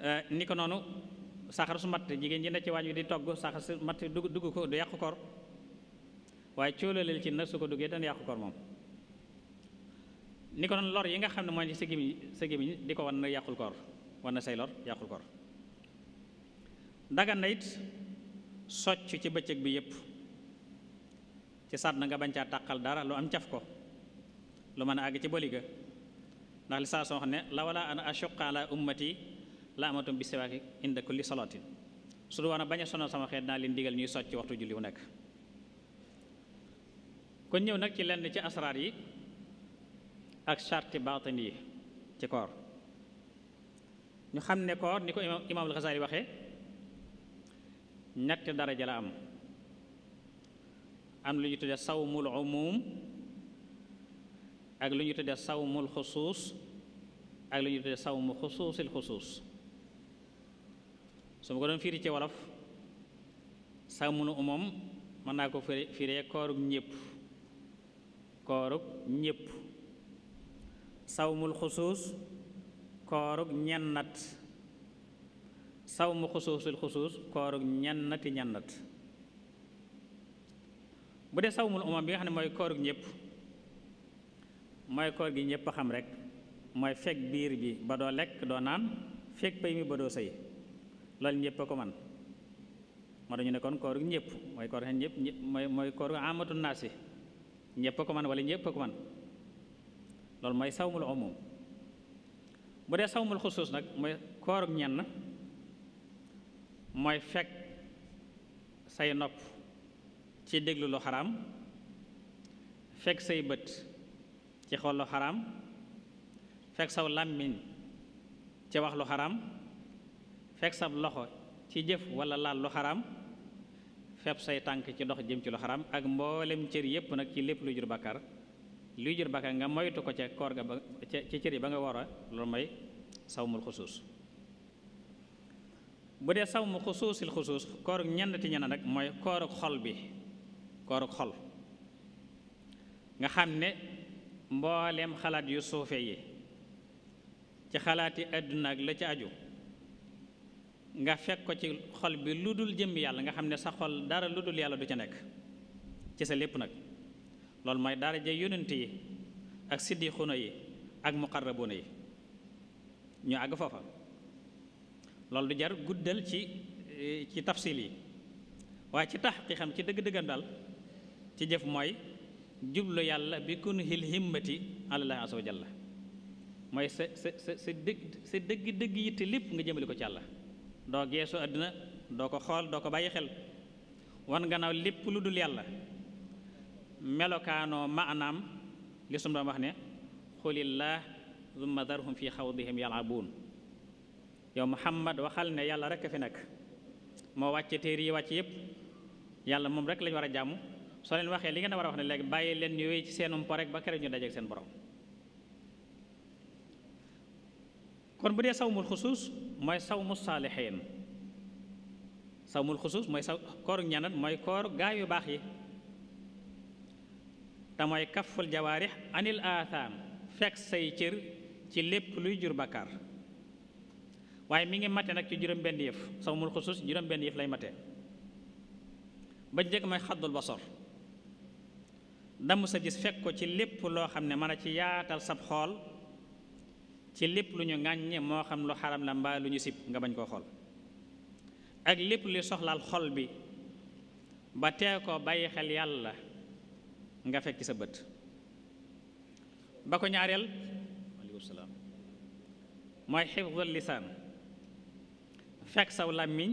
eh, ni ko noonu saxar su matt jigéen ji ne ci waañ wi di togg saxar su matt dugg dugg ko du yàqu koor waaye cóolaleel ci nag su ko duggee dana yàqu koor moom ko lor yi nga xam ne mooy ci sa di ko wan na yàqul koor wan na say lor yàqul it socc ci bëccëg bi yépp ci sàdd na nga bañ caa taqal dara lu am caf ko lu mën a àgg ci boli ga ndax li saa soo xam ne la wala an ashuqa la amatum bi siwaaki inda kulli salaatin su du war bañ a sonal sama xeet naa leen digal ñuy socc waxtu julli wu nekk kon ñëw nag ci lenn ci asraar yi ak charti baatin yi ci koor ñu xam ne koor ni ko imaam imaamul Xasaali waxee ñetti daraja la am am lu ñu tudde sawmul umum ak lu ñu tudde sawmul xusuus ak lu ñu tudde sawmu xusuusil xusuus su ma ko doon firi ci wolof sàmmunu umam mën naa ko firee koorug ñépp koorug ñépp sawmul xusuus koorug ñennat sawmu xusuusul xusuus koorug ñennati ñennat bu dee sawmul umam bi nga xam ne mooy koorug ñépp mooy koor gi ñépp xam rek mooy fekk biir bi ba doo lekk doo naan fekk pay mi ba doo sëy loolu ñëpp a ko man moo dañu ne kon koor gi ñëpp mooy koor xen ñëpp mooy mooy koor amatu naas yi ñëpp a ko man wala ñëpp ko man loolu mooy sawmul umum bu dee sawmul xusuus nag mooy koor ñenn mooy fekk say nopp ci déglu lu xaraam fekk say bët ci xool xaraam fekk saw làmmiñ ci wax lu xaraam fekk sab loxo ci jëf wala laal lu xaraam fepp say tànk ci dox jëm ci lu xaraam ak mboolem cër yépp nag ci lépp luy jur bakkar luy jur bakkar nga moytu ko ca koor ga ba ci cër yi ba nga war a loolu mooy sawmul xusuus bu dee sawmu xusuusil xusuus kooruk ñennati ñenn nag mooy kooruk xol bi kooruk xol nga xam ne mboolem xalaat yu suufe yi ci xalaati àdduna ak la ci aju nga fekk ko ci xol bi lu dul jëm yàlla nga xam ne sa xol dara lu dul yàlla du ca nekk ci sa lépp nag loolu mooy dara ja yonent yi ak siddixuna yi ak muqarrabuna yi ñu àgg foofa loolu du jar guddal ci ci tafsil yi waaye ci tax ki xam ci dëgg dëggandal ci jëf mooy jublu yàlla bi kun hil himmati àlallahi azza wa jalla mooy sa sa sa dëgg sa dëgg dëgg yitte lépp nga jëmale ko ci yàlla doo geesu àddina doo ko xool doo ko bàyyi xel wan gannaaw lépp lu dul yàlla melokaanoo maanaam li sum doon wax ne xulillah thumma darhum fi xawdihim yalabuun yow muhammad waxal ne yàlla rekk a fi nekk moo wàcce téere yi wàcce yépp yàlla moom rek lañu war a jàmm soo leen waxee li ngeen a war a wax ne léegi bàyyi leen ñu ci seenum po rek ba kere ñu dajeek seen borom kon bu dee sawmul xusuus mooy sawmu saalixiin sawmul xusuus mooy saw kooru ñanat mooy koor gaa yu baax yi te mooy kaful jawaarix anil aathaam fekk say cër ci lépp luy jur bakkaar waaye mi ngi mate nag ci juróom benn yëf sawmul xusuus juróom benn yëf lay mate ba njëkk mooy xaddul basor damm sa gis fekk ko ci lépp loo xam ne mën a ci yaatal sab xool ci lépp lu ñu ŋàññe moo xam lu xaram la mbaa lu ñu sib nga bañ koo xol ak lépp li soxlaal xol bi ba tee ko bàyyi xel yàlla nga fekk sa bët ba ko ñaareel waaleykum salaam mooy xifdul fekk saw làmmiñ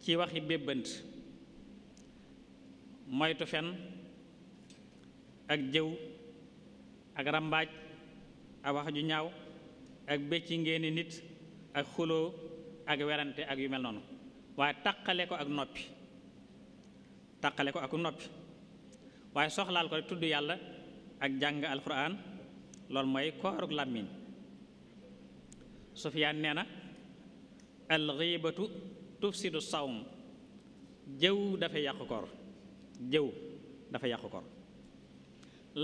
ci waxi bébbant moytu fen ak jëw ak rambaaj ak wax ju ñaaw ak bécci ngeeni nit ak xuloo ak werante ak yu mel noonu waaye taqale ko ak noppi taqale ko ak noppi waaye soxlaal ko rek tudd yàlla ak jàng alquran loolu mooy kooruk làmmiñ sufiyaan nee na alxiibatu tufsidu sawm jëw dafa yàq koor jëw dafa yàqu koor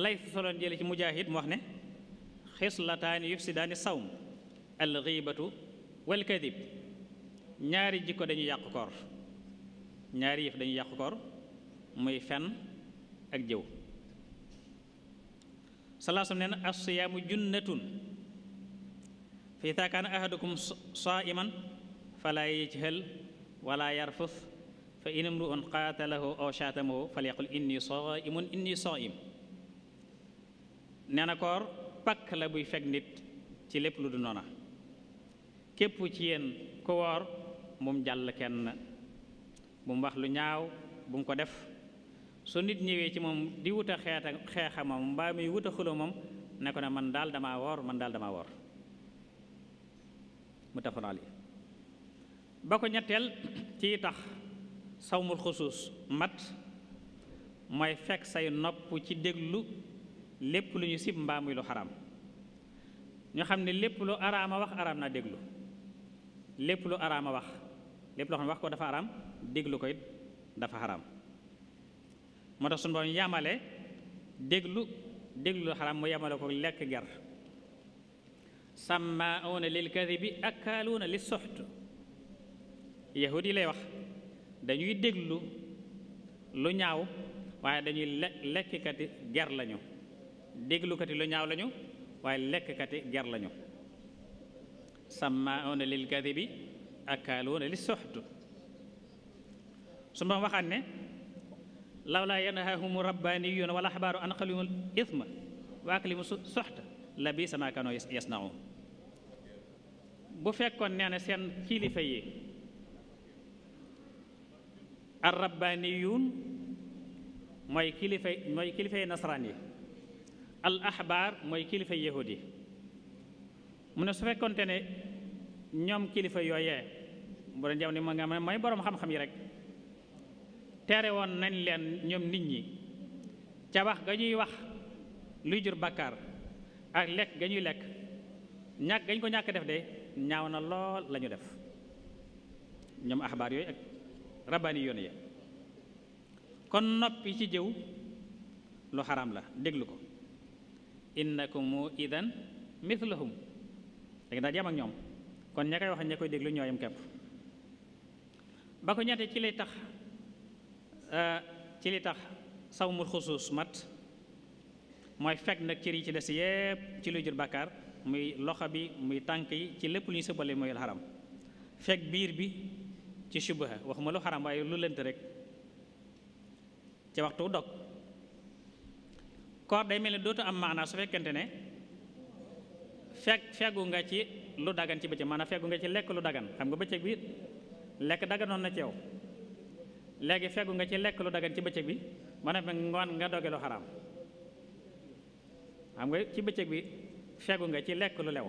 lay soloon jële ci mujaahid mu wax ne xislataani yufsidaani sawm al xiibatu wal ñaari jikko dañuy yàq koor ñaari yëf dañuy yàq koor muy fen ak jëw salaasam nee na assiyaamu junnatun fa idaa kaana ahadukum saa'iman falaa yajhal walaa yarfus fa in imru'un qaatalahu aw shaatamahu falyaqul inni saa'imun inni saa'im nee na koor pakk la buy fekk nit ci lépp lu du noona képp ci yéen ku woor bu mu jàll kenn bu mu wax lu ñaaw bu mu ko def su nit ñëwee ci moom di wuta xeeta xeexa moom mbaa muy wut a xulo moom ne ko ne man daal damaa woor man daal damaa woor mu taxoon ali ba ko ñetteel (clears throat) ci tax sawmul xusuus mat mooy fekk say nopp ci déglu lépp lu ñu sib mbaam muy lu xaraam ñu xam ne lépp lu araama wax araam naa déglu lépp lu araama wax lépp loo xam ne wax ko dafa araam déglu ko it dafa xaraam moo tax suñu borom yamale déglu déglu lu xaraam mu yamale ko lekk ger sàmmaauna lil kadibi akaaluuna li soxt yahud yi lay wax dañuy déglu lu ñaaw waaye dañuy le lekkikati ger lañu déglukati lu ñaaw lañu waaye lekkkati ger lañu sàmmaauna lil kadibi akaaluuna li soxtu su ma waxaat ne lawlaa yanhaahum rabbaaniyuuna wal ahbaaru an xalumul isma wa aklimu soxta la bii sama kano yasnaun bu fekkoon nee na seen kilifa yi ar rabbaaniyuun mooy kilifa mooy kilifa nasaraan yi al ahbaar mooy kilifa yahud yi mu ne su fekkonte ne ñoom kilifa yooyee bu doon jamono ma nga xam mooy boroom xam-xam yi rek tere woon nañ leen ñoom nit ñi ca ga ñuy wax luy jur bàkkaar ak lekk ga ñuy lekk ñàkk gañ ko ñàkk def de ñaaw na lool lañu def ñoom ahbaar yooyu ak rabbaani yoon yi kon noppi ci jëw lu xaraam la déglu ko innakum idan mithlahum léegi daal yam ak ñoom kon ña koy wax ña koy déglu ñooyam képp ba ko ñette ci lay tax euh, ci li tax sawmul xusuus mat mooy fekk nag cër yi ci des yépp ci luy jur bàkkaar muy loxo bi muy tànk yi ci lépp lu ñu sëbale mooy lu xaram fekk biir bi ci subaha waxuma lu xaram waaye lu lënt rek ca waxtu dog koor day mel ne dootu am maanaa su fekkente ne feg feggu nga ci lu dagan ci bëccëg a feggu nga ci lekk lu dagan xam nga bëccëg bi lekk daganoon na ci yow léegi feggu nga ci lekk lu dagan ci bëccëg bi ba ne ngoon nga doge lu xaraam xam nga ci bëccëg bi feggu nga ci lekk lu lew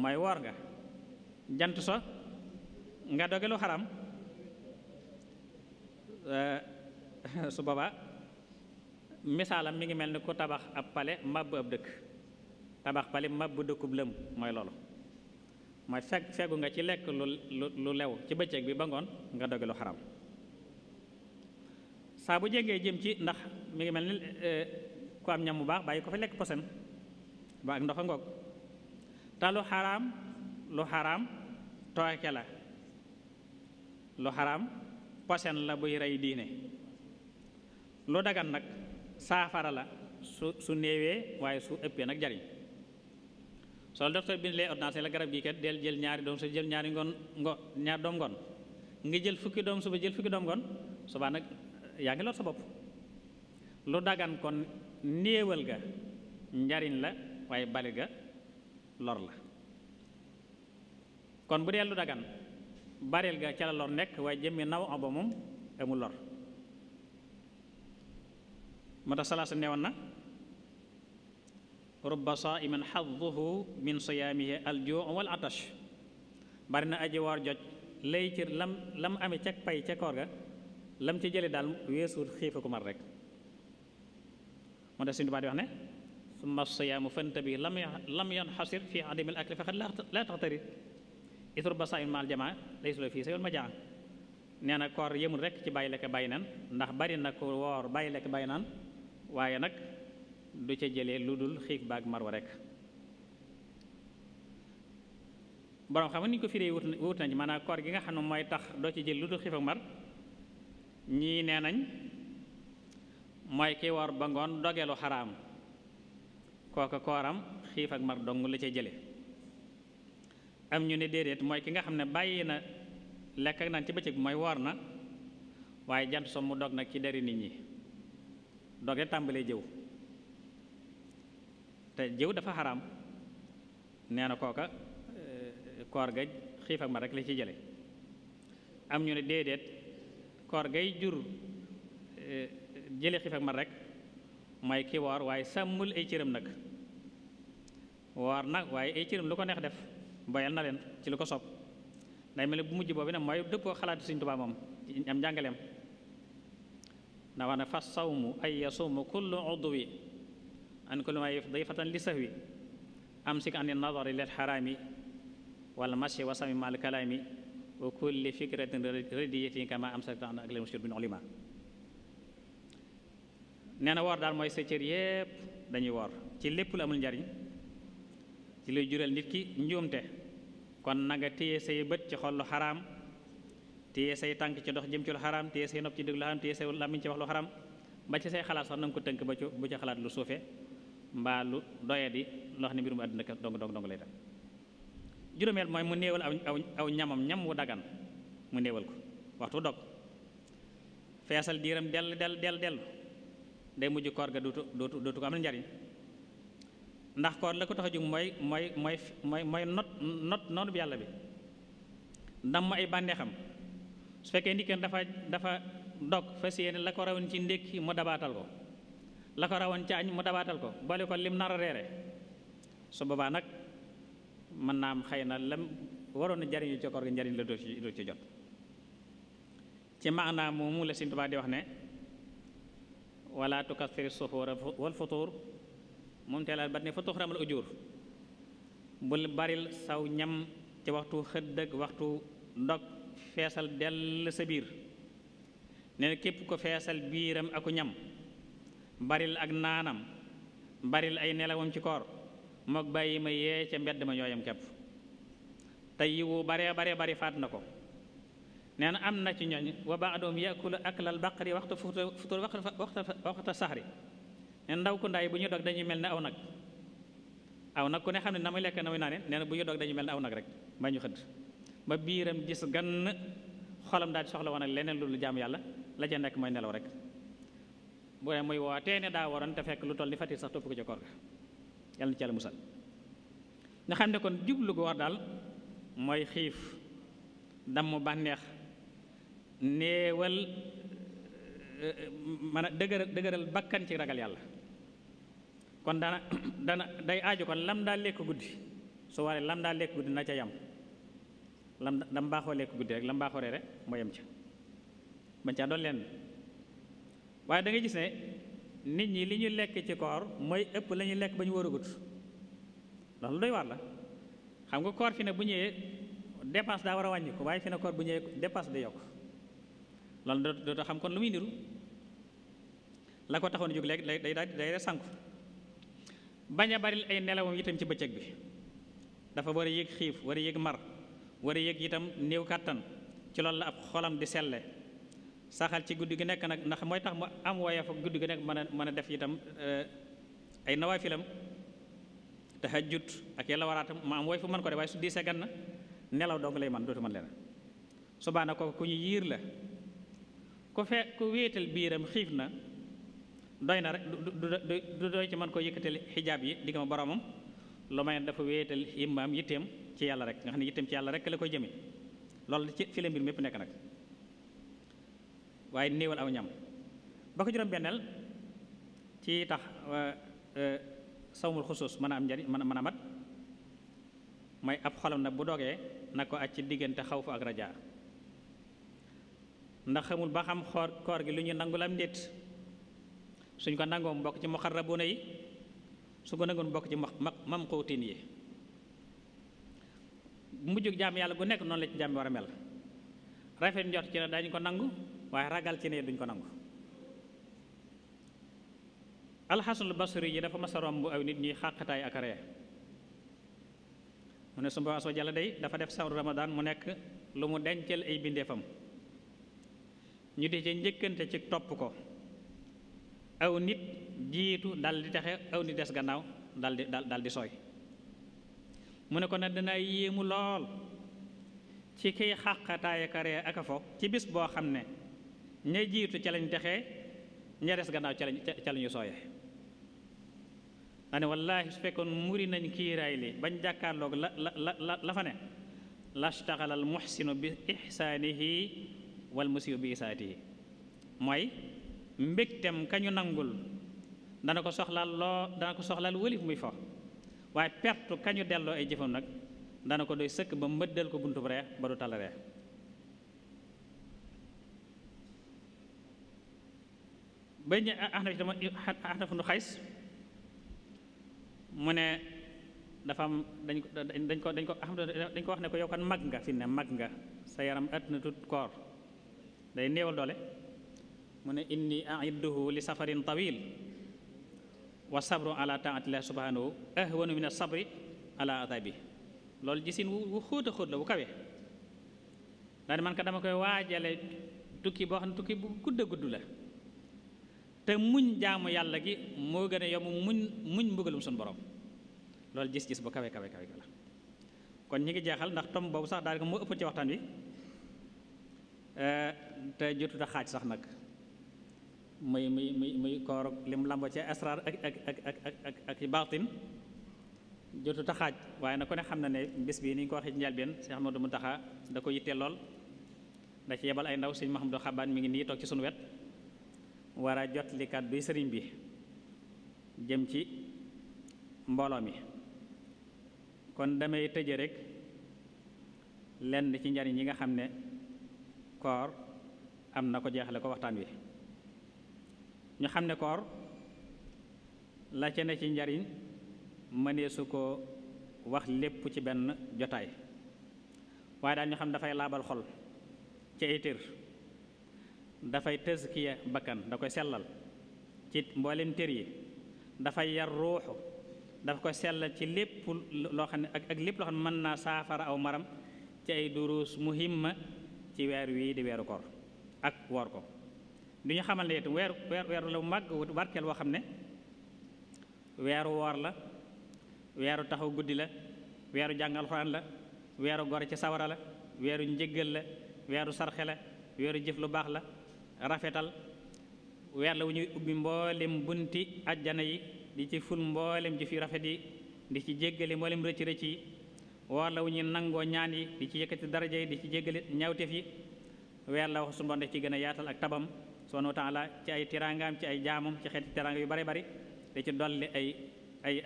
mooy woor nga jant so nga doge lu xaraam (laughs) su boobaa misaalam mi ngi mel ni ku tabax ab pale màbb ab dëkk tabax pale màbb dëkkub lëm mooy loolu mooy feg fegu nga ci lekk lu lew ci bëccëg bi ba ngoon nga doge lu xaram saa bu jegee jëm ci ndax mi ngi mel ni eh, ku am ñam bu baax bàyyi ko fi lekk posen ba ak ndox a ngoog te lu xaraam lu xaraam tooke la lu xaraam posen la buy rey diine lu dagan nag saafara la su su néewee waaye su ëppee nag jariñ soo docteur bi lee ordonnance la garab gi kat dell jël ñaari doom su jël ñaari ngoon ngo ñaari doom ngoon nga jël fukki doom suba jël fukki doom ngoon suba nag yaa ngi lor sa bopp lu dagan kon néewal ga njariñ la waaye bari ga lor la kon bu dee lu dagan bareel ga ca la lor nekk waaye jëmmi naw ba moom amul lor moo tax salaasa newoon na rubba saiman xadduhu min siyaamihi aljuu wal atash bari na aji woor jot lay ci lam lam ame ca pay ca koor ga lam ci jële daal weesuul xiif ku mar rek moo tax suñu tubaab di wax ne summa siyaamu fantabi lam lam yanxasir fi adamil akli faqad laa taxtari is rubba saiman maal jamaa lay sula fii sa yoon ma jaa nee na koor yëmul rek ci bàyyi lekk bàyyi naan ndax bari na ko woor bàyyi lekk bàyyi naan waaye nag du ca jële lu dul xiif baag marwa rek borom xam nga ni ñu ko firee wut nañ manaa koor gi nga xam ne mooy tax doo ci jël lu dul xiif ak mar ñii nee nañ mooy ki war ba ngoon dogelu xaraam kooka kooram xiif ak mar dong la ca jële am ñu ne déedéet mooy ki nga xam ne bàyyi na lekk ak naan ci bëccëg bi mooy woor na waaye jant so mu dog nag ci deri nit ñi doge tàmbalee jëw te jëw dafa xaraam nee na kooka eh, koor ga xiif ak rek la ci jële am ñu ne déedéet koor gay jur eh, jële xiif ak rek mooy ki woor waaye sàmmul ay cëram nag woor nag waaye ay cëram lu ko neex def boyal na leen ci lu ko sopp day mel ne bu mujj boobu ne mooy dëppoo xalaatu Sëriñ Tuubaa moom am njàngaleem na wana fa sawmu ay yasuumu kullu udwi an kulli ma yudifatan li sahwi amsik an nadari lil xaraami wal mashi wa sami mal kalaami wa kulli fikratin radiyatin kama amsakta an ak leen mushir bin ulima nee na woor daal mooy sa cër yépp dañuy woor ci lépp lu amul njariñ ci luy jural nit ki njuumte kon na téye say bët ci xollu xaraam téye say tànk ci dox jëm ci lu xaraam téye say nopp ci déglu xaraam téye say làmmiñ ci wax lu xaraam ba ci say xalaat sax na nga ko tënk ba ci bu ci xalaat lu suufe mbaa lu doye di loo xam ne mbirum àdduna ka dong dong dong lay def juróomeel mooy mu néewal aw aw ñamam ñam wu dagan mu néewal ko waxtu dog feesal diiram dell dell dell dell day mujj koor ga dootu dootu dootu ko am na njariñ ndax koor la ko tax a jóg mooy mooy mooy mooy mooy not not noonu bi yàlla bi ndam ay bànneexam su fekkee ndikkeen dafa dafa dog fas yéene la ko rawoon ci ndékki mu dabaatal ko la ko rawoon ci añ mu dabaatal ko boole ko lim nar a reere su boobaa nag mën naa am xëy na lam waroon a jariñu gi njariñ la doo ci doo ci jot ci maanaam moomu la Sëñ Tuubaa di wax ne wala tukathir suhuura wal futuur moom teelaal ne fa tuxramal ujur bul baril saw ñam ci waxtu xëdd waxtu ndog feesal dell sa biir nee képp ko feesal biiram aku ñam baril ak naanam baril ay nelawam ci koor mook bàyyi ma yee ca mbedd ma ñooyam képp te yiwu baree bare bari faat na ko nee am na ci ñooñ wa baadoom yakulu aklal baqari waxtu futur waxta saxri ne ndaw ku ndaay bu ñu dog dañuy mel ni aw nag aw nag ku ne xam ne na muy lekk na muy naane nee bu ñu dog dañuy mel ni aw nag rek ba ñu xëdd ba biiram gis gann xolam daal di soxla woon ak leneen lu jaam yàlla la ca nekk mooy nelaw rek bu dee muy wootee ne daa waroon te fekk lu toll ni fatir sax topp ko ca koor ga yàlla na ci yàlla musal nga xam ne kon jublu gu war daal mooy xiif damm bànneex néewal euh, man a dëgëral dëgëral bakkan ci ragal yàlla kon dana (coughs) dana day aaju kon lam daa lekk guddi su waree lam daa lekk guddi na ca yam lam lam baaxoo lekk guddi rek lam baaxoo rek moo yem ca bañ caa doon leen waaye dangay ngay gis ne nit ñi li ñuy lekk ci koor mooy ëpp la ñu lekk ba ñu wóoragut loolu doy waar la xam nga koor bu ñëwee dépense daa war a wàññi ko waaye bu ñëwee dépense da yokk loolu dootoo xam kon lu muy niru la ko taxoon jóg léegi day day day sànku bañ a bari ay nelawam itam ci bëccëg bi dafa war a yëg xiif war a yëg mar war a yëg itam néew kàttan ci loolu la ab xolam di selle saxal ci guddi gi nekk nag ndax mooy tax mu am woyof ak guddi gi nekk mën a mën a def itam eh, ay nawaafilam tahajjud ak yàlla waraatam mu am woy fu mën ko de waaye su diisee gan na nelaw dong lay man dootu mën leen subaa kooku ku ñu yiir la ku fe ku wéetal biiram xiif na doy na rek du doy ci mën koo yëkkatal xijaab yi diggam boromam lu may dafa wéetal himmaam yitteem ci yàlla rek nga xam ne itam ci yàlla rek la koy jëme loolu ci fi mbir mépp nekk nag waaye néewal aw ñam ba ko juróom-benneel ci tax e, sawmul xusuus mën a am njariñ mën a mat mooy ab xolam nag bu dogee na ko aj ci diggante xaw fa ak rajaa ndax xamul ba xam xoor koor gi lu ñuy nangul am ndéet suñ ko nangoom mbokk ci muxarrabuuna yi su ko nangoon bokk ci ma mam xuutiin yi mujjug jaam yàlla gu nekk noonu la ci jaam war a mel rafet njot ci ne dañu ko nangu waaye ragal ci ne duñ ko nangu alxasanul basri yi dafa mas a romb aw nit ñuy xàqtaay ak ree mu ne sumba aso jalla day dafa def sawru ramadan mu nekk lu mu dencal ay bindeefam ñu di ci njëkkante ci topp ko aw nit jiitu dal di texe aw nit des gannaaw dal dal di sooy mu ne ko nag danaa yéemu lool ci kiy xàqataay ak ree ak a fo ci bis boo xam ne ña jiitu ca lañ texee ña des gannaaw ca lañ ca lañu sooye ane wallaahi su fekkoon muri nañ kiiraay li bañ jàkkaarloog la la la la fa ne lastaxalal muxsinu bi ixsaanihi wal musiu bi isaatihi mooy mbégtem kañu nangul dana ko soxlaal loo dana ko soxlaal wëlif muy fo waaye pertu kañu delloo ay jëfam nag dana ko doy sëkk ba mëddal ko buntu bu reex ba du tala ba ñu axnaf itam axnaf nu xays mu ne dafa am dañ ko dañ ko dañ ko dañ ko wax ne ko yow kan mag nga fi ne mag nga sa yaram at na tut koor day néewal doole mu ne inni aidduhu li safarin tawil wa sabru ala taatillahi subhanahu ahwanu min asabri alaata bi loolu gisin wu xóot xóot la bu kawe daal man ka dama koy waajale tukki boo xam ne tukki bu gudd a gudd la te muñ jaamu yàlla gi moo gën a yomb muñ muñ mbugalum suñ borom loolu jis gis bu kawe kawe kawe kon ñi ngi jaaxal ndax tom boobu sax daal ko moo ëpp ci waxtaan wi eh, te jotuta xaaj sax nag muy muy muy muy koor lim lamb ci asraar ak ak ak ak ak jotu taxaaj waaye na ko ne xam na ne bis bii ni ñu ko waxee ci njëlbeen Cheikh mu taxa da ko yittee lool da ci yebal ay ndaw sëñ Mahamadou Xabaan mi ngi nii toog ci sunu wet war a jot sëriñ bi jëm ci mbooloo mi kon damay tëje rek lenn ci njariñ yi nga xam ne koor am na ko jeexale ko waxtaan wi ñu xam ne koor la ca ne ci njariñ mënee su ko wax lépp ci benn jotaay waaye daal ñu xam dafay laabal xol ci ay tër dafay tëskiya bakkan da koy sellal ci mboolem tër yi dafay yar ruuxu dafa koy sellal ci lépp loo xam ne ak lépp loo xam mën naa saafara aw maram ci ay duruus muhimma ci weer wii di weeru koor ak woor ko du ñu xamal ne itam weer weer weeru la màgg barkeel woo xam ne weeru woor la weeru taxaw guddi la weeru jàng alxuraan la weeru gore ci sawara la weeru njëggal la weeru sarxe la weeru jëf lu baax la rafetal weer la wu ñuy ubbi mboolem bunti ajjana yi di ci ful mboolem jëf yu rafet yi di ci jéggale mboolem rëcc rëcc yi weer la wu ñuy nangoo ñaan yi di ci yëkkati daraja yi di ci jéggale ñaawteef yi weer la wax sunu Boroom ci gën a yaatal ak tabam subhanahu wa taala ci ay tiraangaam ci ay jaamam ci xeeti tiraanga yu bari bari da ci dolli ay ay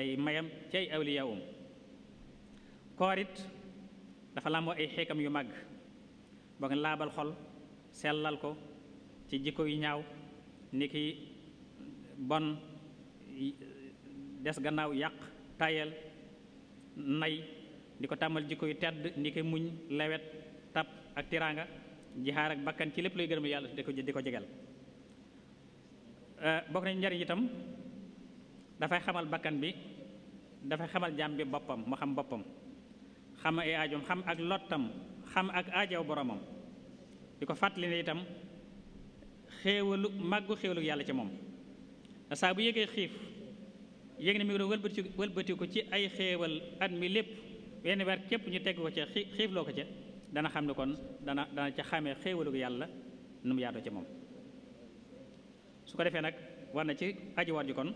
ay mayam ci ay awliya um dafa làmboo ay xeekam yu màgg boo nga laabal xol sellal ko ci jikko yu ñaaw ni ki bon des gannaaw yàq tayel nay di ko tàmmal jikko yu tedd ni ki muñ lawet tab ak tiraanga jixaar ak bakkan ci lépp luy gërëm yàlla di ko di ko jegal eh, bokk nañu njariñ itam dafay xamal bakkan bi dafay xamal jaam bi boppam mu xam boppam xam ay aajom xam ak lottam xam ak aajaw boromam di ko fàttali ne itam xéewalu màggu xéewalu yàlla ci moom saa bu yëgee xiif yéeg na mi ngi doon wëlbati wëlbatiku ci ay xéewal at mi lépp wenn weer képp ñu tegg ko ca xiif loo ko ca dana xam ne kon dana dana ca xamee xéewalu yàlla nu mu yaatoo ci moom su ko defee nag war na ci aji ji kon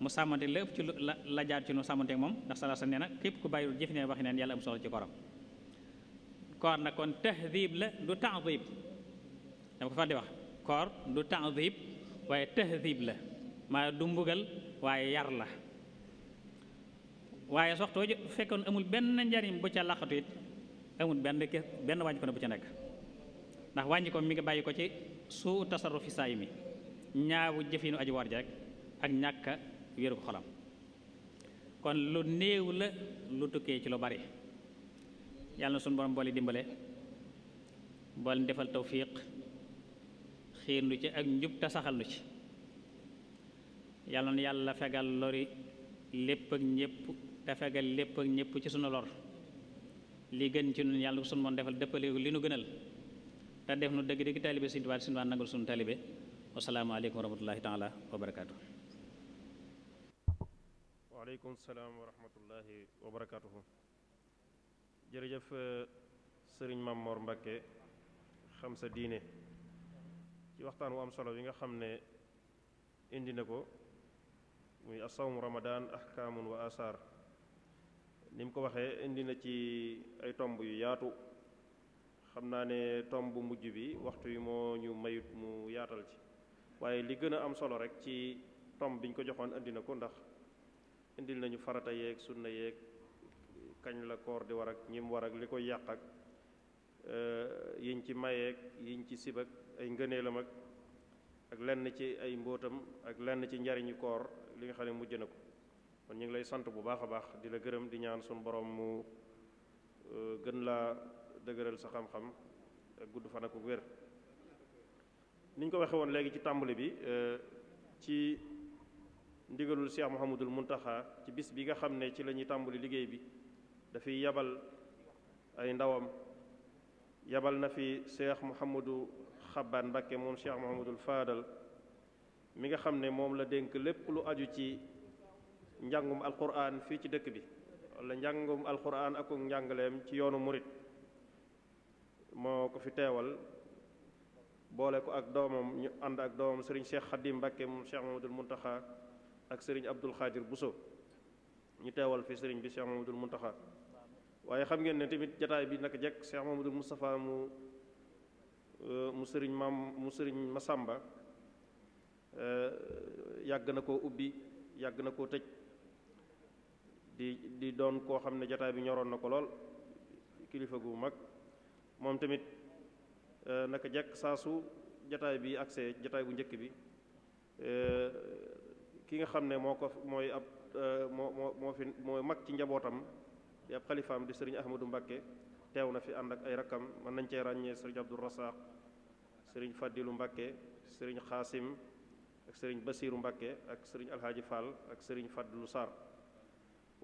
mu sàmmante lépp ci la la jaar ci nu sàmmanteek moom ndax salaa sa nee na képp ku bàyyiwul jëf ne wax neen yàlla am soxla ci koram koor nag kon tahdib la du tahdib dama ko far di wax koor du tahdib waaye tahdib la maa du mbugal waaye yar la waaye soxtoo fekkoon amul benn njariñ bu ca laqatu it amul benn benn wàññi ko bu ci nekk ndax wàññi ko mi ngi bàyyi ko ci su tasarrufi saa yi mi ñaawu jëfinu aji war ji rek ak ñàkk a wéeru xolam kon lu néew la lu tukkee ci lu bari yàlla na suñu borom boole dimbale boole defal tawfiq xiir nu ci ak njub te saxal ci yàlla na yàlla fegal lori lépp ak ñépp te fegal lépp ak ñépp ci sunu lor li gën ci nun yàlla sunu moon defal dëppaleeku li nu gënal te def nu dëgg dëgg taalibe Sëñ Tuubaa Sëñ Tuubaa nangul sunu taalibe wa rahmatullahi taala salaam wa rahmatullahi wa barakaatuhu jërëjëf euh, sëriñ Maam Mor Mbakke xam sa diine ci waxtaan wu am solo yi nga xam ne indi na ko muy asawmu ramadaan ahkaamun wa asaar ni mu ko waxee indi na ci ay tomb yu yaatu xam naa ne tomb bu mujj bi waxtu yi moo ñu mayut mu yaatal ci waaye li gën a am solo rek ci tomb biñ ko joxoon indi na ko ndax indil nañu farata yeeg sunna yeeg kañ la koor di war ak ñim war ak li koy yàqak ak euh, yiñ ci mayeeg yiñ ci sib ak ay ngëneelam ak ak lenn ci ay mbóotam ak lenn ci njariñu koor li nga xam ne mujj na ko kon ñu ngi lay sant bu baax a baax di la gërëm di ñaan suñu borom mu euh, gën laa dëgëral sa xam-xam ak gudd ko ak wér niñ ko waxe woon léegi ci tàmbali bi euh, ci ndigalul Cheikh Mouhamadul Muntaxa ci bis bi nga xam ne ci lañuy ñuy tàmbali liggéey bi dafay yabal ay ndawam yabal na fi Cheikh Mouhamadou Xabbaan Mbakke moom Cheikh Mouhamadul Faadal mi nga xam ne moom la dénk lépp lu aju ci njàngum alquran fii ci dëkk bi wala njàngum alquran ako njàngaleem ci yoonu murit moo ko fi teewal boole ko ak doomam ñu ànd ak doomam sëriñ Cheikh Khadim Mbacke moom Cheikh Muntaxa ak sëriñ Abdul Xaadir Buso ñu teewal fi sëriñ bi Cheikh Mamadul Muntaxa waaye xam ngeen ne tamit jataay bi naka jekk Cheikh Mamadul Moustapha mu euh, mu sëriñ ma mu sëriñ Masamba euh, yàgg na koo ubbi yàgg na koo tëj di di doon koo xam ne jataay bi ñoroon na ko lool kilifa gu mag moom tamit e, naka jekk saa su jataay bi accès jataay bu njëkk bi e, ki nga xam ne moo ko mooy ab e, moo moo mag ci njabootam di ab xalifaam di sëriñ Ahmadou Mbakke teew na fi ànd ak ay rakkam mën nañ cee ràññee sëriñ Abdou Rassaq sëriñ Fadilu Mbakke sëriñ Xaasim ak sëriñ Basiiru Mbakke ak sëriñ Alhaaji Fall ak sëriñ Fadilu Sarr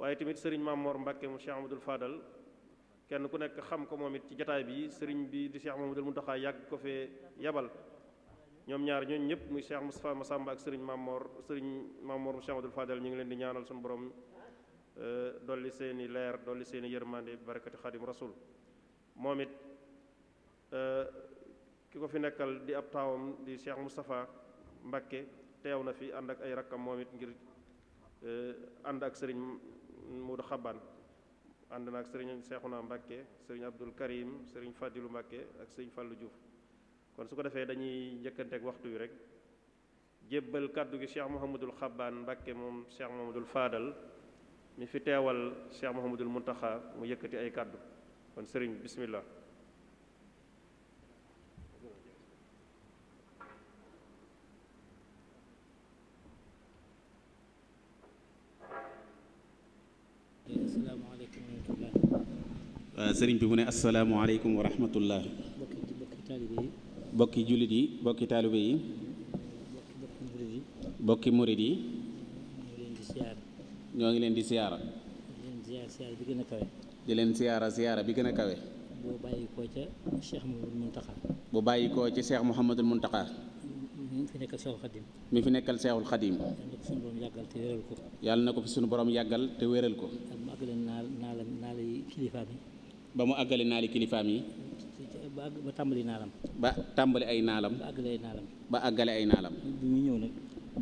waaye tamit sëriñ Mamor Mbacke mu Cheikh Amadou Fadal kenn ku nekk xam ko moom it ci jataay bi sëriñ bi di Cheikh Mamadou Mountakha yàgg ko fee yabal ñoom ñaar ñooñu ñëpp muy Cheikh Moustapha Massamba ak sëriñ Mamor sëriñ Mamor mu Cheikh Amadou Fadal ñu ngi leen di ñaanal suñu borom euh, dolli seen i leer dolli seen i yërmande barakati xadim rasul moom it euh, ki ko fi nekkal di ab taawam di Cheikh Moustapha Mbacke teew na fi ànd ak ay rakkam moom it ngir euh, ak sëriñ Modou Xaban ànd na ak sëriñ Seexuna Mbàkke sëriñ Abdul Karim sëriñ Fadilu Mbàkke ak sëriñ fallu Diouf kon su ko defee dañuy njëkkanteeg waxtu wi rek jébbal kàddu gi Cheikh Mouhamadul Xaban Mbàkke moom Cheikh Mouhamadul Faadal mi fi teewal Cheikh Mouhamadul Muntaxa mu yëkkati ay kàddu kon sëriñ bismillah Euh, sëriñ bi mu ne asalaamaaleykum wa rahmatullah bokki jullit yi bokki taalibe yi bokki murit yi ñoo ngi leen di siyaara di leen siyaara siyaara bi gën a kawe bu bàyyi koo ca Cheikh Mouhamadul Mountakha bu bàyyi koo ca Cheikh Mouhamadul Mountakha mi fi nekkal Seexul Xadim mi fi nekkal Seexul Xadim yàlla na ko fi sunu borom yàggal te wéral ko ak mu àggale naalam naala yi kilifaam yi ba mu àggale naali kilifaam yi. ba tàmbali naalam. ba tàmbali ay naalam. ba àggale ay naalam. ba àggale ay naalam. bi ñu ñëw nag.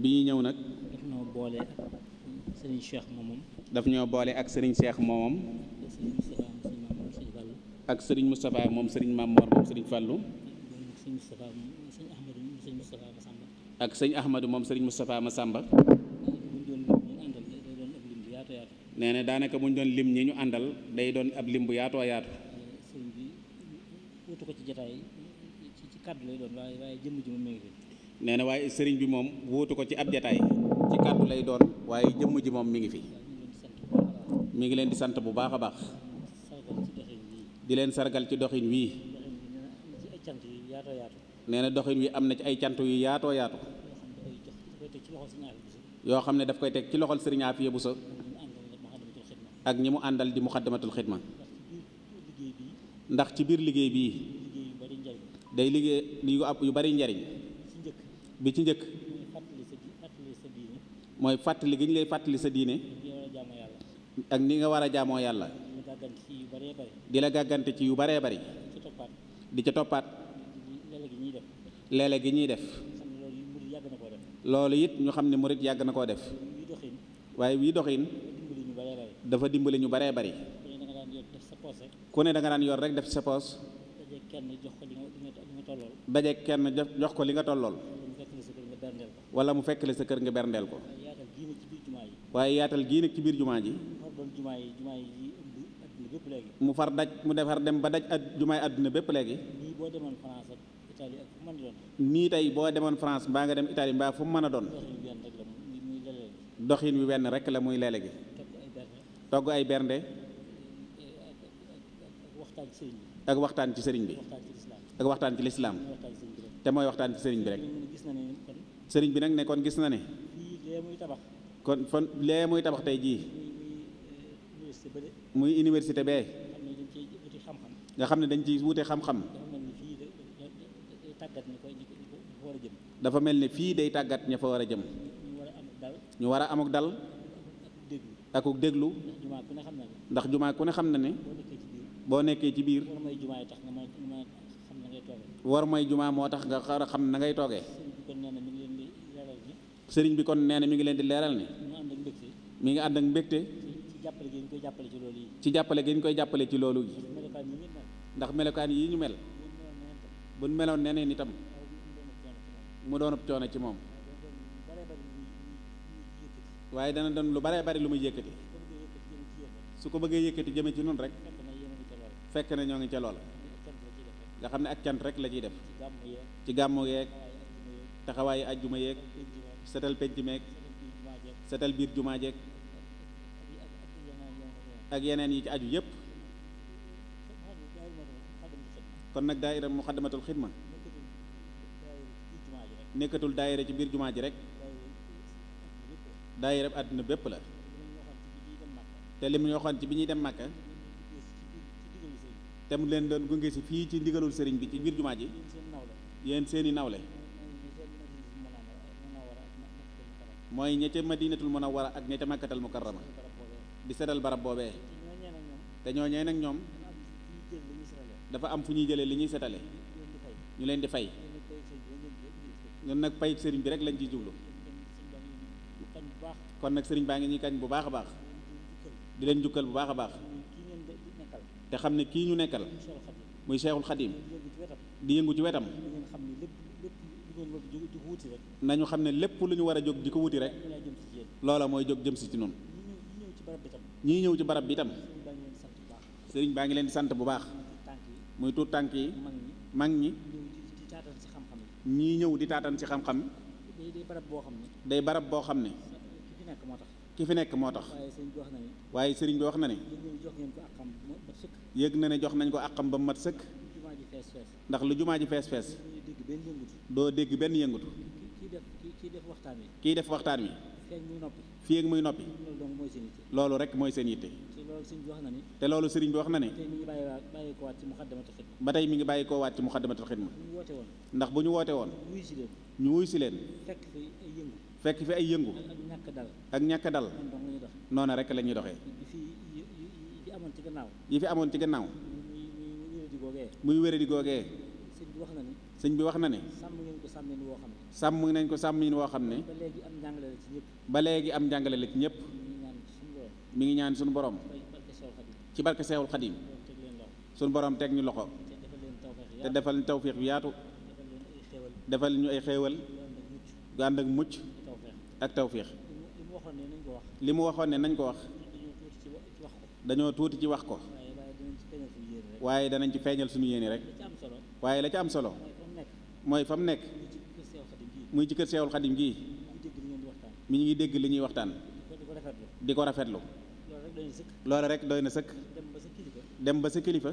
bi ñu ñëw nag. daf ñoo boole ak Serigne Cheikh moomam. ñoo boole ak Serigne Cheikh moomam. ak Serigne Moustapha moom Serigne Mamor moom Serigne Fallou. ak sëñ Ahmadou moom Serigne Moustapha Massamba. nee na daanaka bu ñu doon lim ñi ñu àndal day doon ab lim bu yaatoo yaatu. sëñ ko ci jotaay ci kàddu lay doon waaye sëriñ bi moom wootu ko ci ab jotaay ci kàddu lay doon waaye jëmm ji moom mi ngi fi. mi ngi leen di sant bu baax a baax. di leen sargal ci doxin wii. nee na doxin wi am na ci ay cant yu yaatoo yaatu. yoo xam ne daf koy teg ci loxol sëriñ Afiya Buso ak ñi mu àndal di muxaddamatul xidma ndax ci biir liggéey bii day liggéey yu ab yu bari njariñ bi ci njëkk mooy fàttali gi ñu lay fàttali sa diine ak ni nga war a jaamoo yàlla di la gàggante ci yu baree bari di ca toppaat leele gi ñuy def loolu it ñu xam ne murit yàgg na koo def waaye wii doxin dafa dimbali ñu baree bari ku ne da nga daan yor rek def ci sa poos daje kenn jox ko li nga tollool daje wala mu fekk la sa kër nga berndeel ko waaye yaatal gii nag ci biir jumaa ji mu far daj mu defar dem ba daj at jumaay àdduna bépp léegi nii tey boo demoon France mbaa nga dem Italie mbaa fu mu mën a doon doxin wi wenn rek la muy leele gi togg ay bernde ak waxtaan ci sëriñ bi ak waxtaan ci lislaam te mooy waxtaan ci sëriñ bi rek sëriñ bi nag ne kon gis na ne kon fan lee muy tabax tey jii muy eh, université bee nga xam ne dañ ci wute xam-xam dafa mel ne fii day tàggat ña fa war a jëm ñu war a am dal akuk déglu ndax jumaa ku ne xam na ne boo nekkee ci biir war mooy jumaa moo tax nga xar xam na ngay toogee sëriñ bi kon nee na mi ngi leen di leeral ni mi ngi ànd ak mbégte ci jàppale gi ñu koy jàppale ci loolu yi ndax melokaan yii ñu mel buñ meloon neneen itam mu doon ab coono ci moom waaye dana doon lu baree bari lu muy yëkkati su ko bëggee yëkkati jëme ci noonu rek fekk na ñoo ngi ca loola nga xam ne ak cant rek la ciy def ci gàmmu yeeg taxawaayu ajjuma yeeg setal penc meeg setal biir jumaa jeeg ak yeneen yi ci aju yépp kon nag daayira muxaddamatul xidma nekkatul daayira ci biir jumaa ji rek daayira bi àdduna bépp la te li mu ñu ci bi ñuy dem màkka te mu leen doon gunge si fii ci ndigalul sëriñ bi ci biir jumaa ji yéen seeni nawle mooy ña ca madinatul munawwara ak ña ca màkkatal mukarrama di seddal barab boobee te ñooñee nag ñoom dafa am fu ñuy jëlee li ñuy setale ñu leen di fay ñun nag payit sëriñ bi rek lañ ci jublu kon nag sëriñ baa ngi ñuy kañ bu baax a baax di leen jukkal bu baax a baax te xam ne kii ñu nekkal muy Seexul Xadiim di yëngu ci wetam nañu xam ne lépp lu ñu war a jóg di ko wuti rek loola mooy jóg jëm si ci noonu ñii ñëw ci barab bi itam sëriñ baa ngi leen sant bu baax muy tuut tànk yi mag ñi ñii ñëw di taatan ci xam-xam day barab boo xam ne nekk moo tax. ki fi nekk moo tax. waaye sëriñ bi wax na ni. waaye sëriñ bi wax na ni. yëg na ne jox nañ ko àqam ba mat sëkk. ndax lu jumaa ji fees fees. doo dégg benn yëngatu. kii def waxtaan wi. kii def waxtaan wi. fii ak muy noppi. loolu rek mooy seen yitte. te loolu sëriñ bi wax na ne. ba tey mi ngi bàyyi koo waat ci muxaddamatul xidma. ndax bu ñu woote woon. ñu wuy si leen. fekk fi ay yëngu. ak ñàkk dal. noona rek la ñuy doxee. yi fi amoon ci gannaaw. yi fi amoon ci gannaaw. muy wéradi googee. sëñ bi wax na ne. sëñ bi wax na ne. sàmm nañ ko sàmmin woo xam ne. sàmm nañ ko sàmmin woo xam ne. léegi am njàngale la ci ñëpp. ba léegi am njàngale ñëpp. mi ngi ñaan suñu borom. ci barke Seexul Xadim. suñu borom teg ñu loxo. te defal ñu tawfiix bi yaatu. defal ñu ay xéewal. gu ak mucc. ak tawfiix li mu waxoon ne nañ ko wax dañoo tuuti ci wax ko waaye danañ ci feeñal suñu yéene rek waaye la ca am solo mooy fa mu nekk muy ci kër Seexul Xadim gii mi ngi dégg li ñuy waxtaan di ko rafetlu loolu rek doy na sëkk dem ba sa kilifa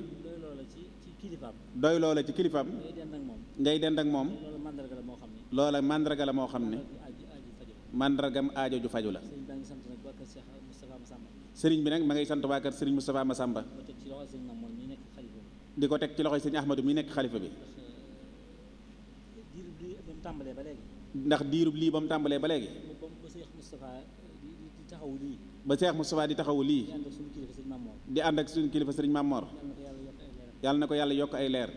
doy loola ci kilifaam ngay dend ak moom loola màndarga la moo xam ne màndargam aajo ju faju la sëriñ bi nag ma ngay sant waa kër sëriñ Moustapha Massamba di ko teg ci loxoy sëñ Ahmadou mi nekk xalifa bi eh, ndax diirub lii ba mu tàmbalee ba léegi ba Seex Moustapha di taxawu lii di ànd ak suñu kilifa sëriñ Mamor yàlla na ko yàlla yokk ay leer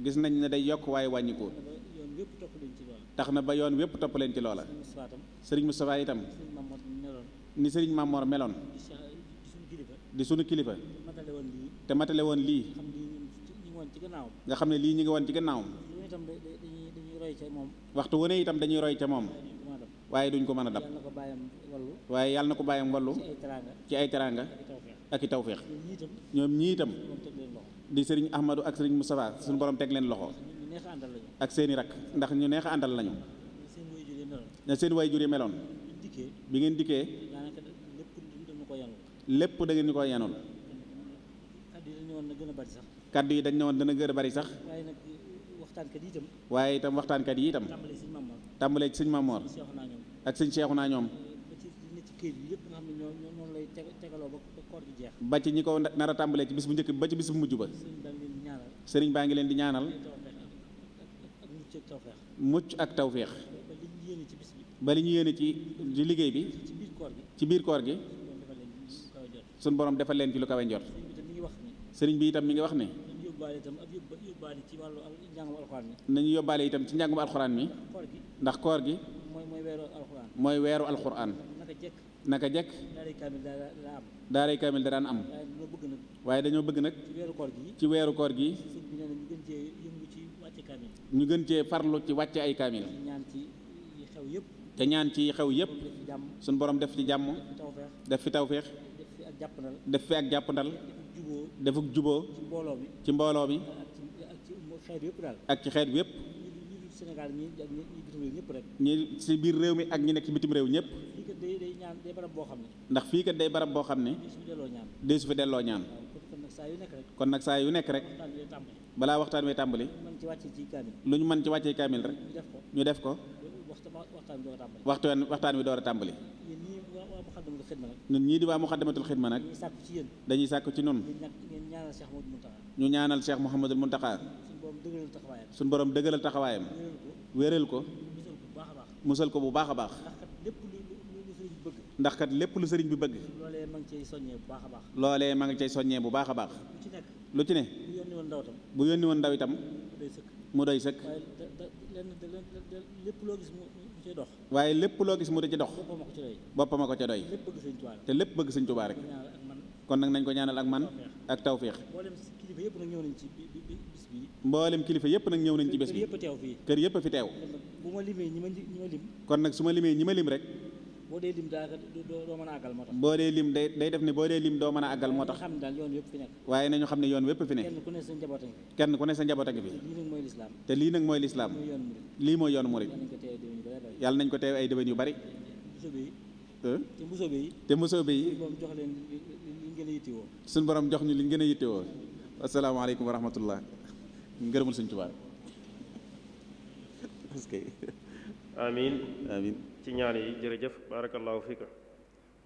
gis nañ ne day yokk waaye wàññiku tax na ba yoon wépp topp leen ci loola sëriñ Moustapha itam ni sëriñ Mamor meloon di sunu kilifa te matale woon lii nga xam ne lii ñu ngi woon ci gannaawam waxtu wu itam dañuy roy ca moom waaye duñ ko mën a dab waaye yàlla na ko bàyyam wallu ci ay teraanga ak i tawféex ñoom ñii itam di sëriñ Ahmadou ak sëriñ Moustapha suñu borom teg leen loxo ak seen i rak ndax ñu neex a àndal lañu ne seen waajur yi meloon bi ngeen dikkee lépp da ngeen ñu ko yenoon kaddu yi dañ ne woon dana gën a bari sax waaye itam waxtaankat yi itam tàmbalee ci sëñ Mamoor ak sëñ naa ñoom ba ci ñi ko nar a tàmbalee ci bis bu njëkk bi ba ci bis bu mujj ba sëriñ baa ngi leen di ñaanal mucc ak tawféex ba li ñu yéene ci ci liggéey bi ci biir koor gi suñ borom defal leen ci lu kawe njort sëriñ bi itam mi ngi wax ne nañu yóbbaale itam ci njàngum alxuraan mi ndax koor gi mooy weeru alxuraan naka jekk daaray kaamil da daan am waaye dañoo bëgg nag ci weeru koor gi ñu gën cee farlu ci wàcce ay kaamil te ñaan ci xew yëpp suñ borom def ci jàmm def fi tawféex def fi ak jàpp jàppandal defuk juboo ci mbooloo mi ak ci xeet bi yëpp ñi si biir réew mi ak ñi nekk ci bitim réew ñëpp ndax fii kat day barab boo xam ne. de su fi delloo ñaan. kon nag saa yu nekk rek balaa waxtaan wi tàmbali lu ñu mën ci wàccee kaamil rek ñu def ko waxtaan waxtaan wi door a tàmbali ñun ñii di waa muxaddamatul xidma nag dañuy sàkku ci nun ñu ñaanal Cheikh Mouhamadul Muntaxa suñ borom dëgëral taxawaayam wéral ko musal ko bu baax a baax ndax kat lépp lu sëriñ bi bëgg. loolee ma ngi cay soññee bu baax a baax. loolee ma ngi cay soññee bu baax a baax. lu ci nekk ne. bu yónni woon ndaw itam. bu yónni woon ndaw itam. mu doy sëkk. waaye lépp loo gis mu ci dox. waaye lépp loo gis mu di ci dox. boppam a ko ca doy. te lépp bëgg sëñ Tuubaa rek. kon nag nañ ko ñaanal ak man ak tawféex. mboolem kilifa yëpp nag ñëw nañ ci bés bi. kër yëpp a teew fii. kër yëpp a fi teew. kon nag su ma limee ñi ma lim rek boo dee lim doo mën boo dee lim day def ne boo dee lim doo mën a àggal moo tax. waaye nañu xam ne yoon wépp fi ne sa njaboot a ngi kenn ku ne sa njaboot a te lii nag mooy lislaam. lii mooy yoon murid. yàlla nañ ko teew ay déwén yu bari. te mbusoo bi te mbusoo bi suñu borom jox ñu li gën a woo asalaamaaleykum wa rahmatullah ngërëmul suñ tubaab amin amin ci ñaan yi jërëjëf barakallahu fika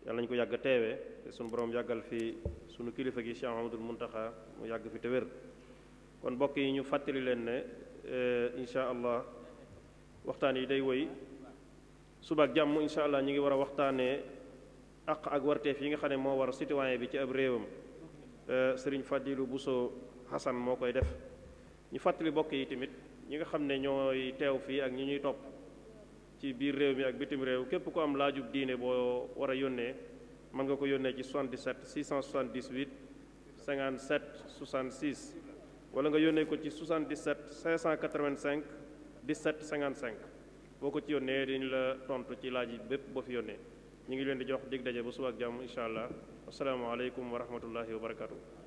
yàlla nañu ko yàgg teewee te sunu borom yàggal fi sunu kilifa gi Cheikh Mahamadul Muntaxa mu yàgg fi te kon mbokk yi ñu fàttali leen ne e, incha allah waxtaan yi day woy suba ak jàmm incha allah ñu ngi war a waxtaanee àq ak warteef yi nga xam ne moo war citoyen bi ci ab réewam e, Serigne Fadilou buso Hassan moo koy def ñu fàttali mbokk yi tamit ñi nga xam ne ñooy teew fii ak ñi ñuy topp. ci biir réew mi ak bitim réew képp ku am laajub diine boo war a yónnee mën nga ko yónnee ci 77 678 57 66 wala nga yónnee ko ci 77 585 17 55 boo ko ci yónnee dañu la tontu ci laaj yi bépp boo fi yónnee ñu ngi leen di jox dig daje ba suba ak jàmm incha allah asalaamaaleykum wa rahmatullahi wa barakatuh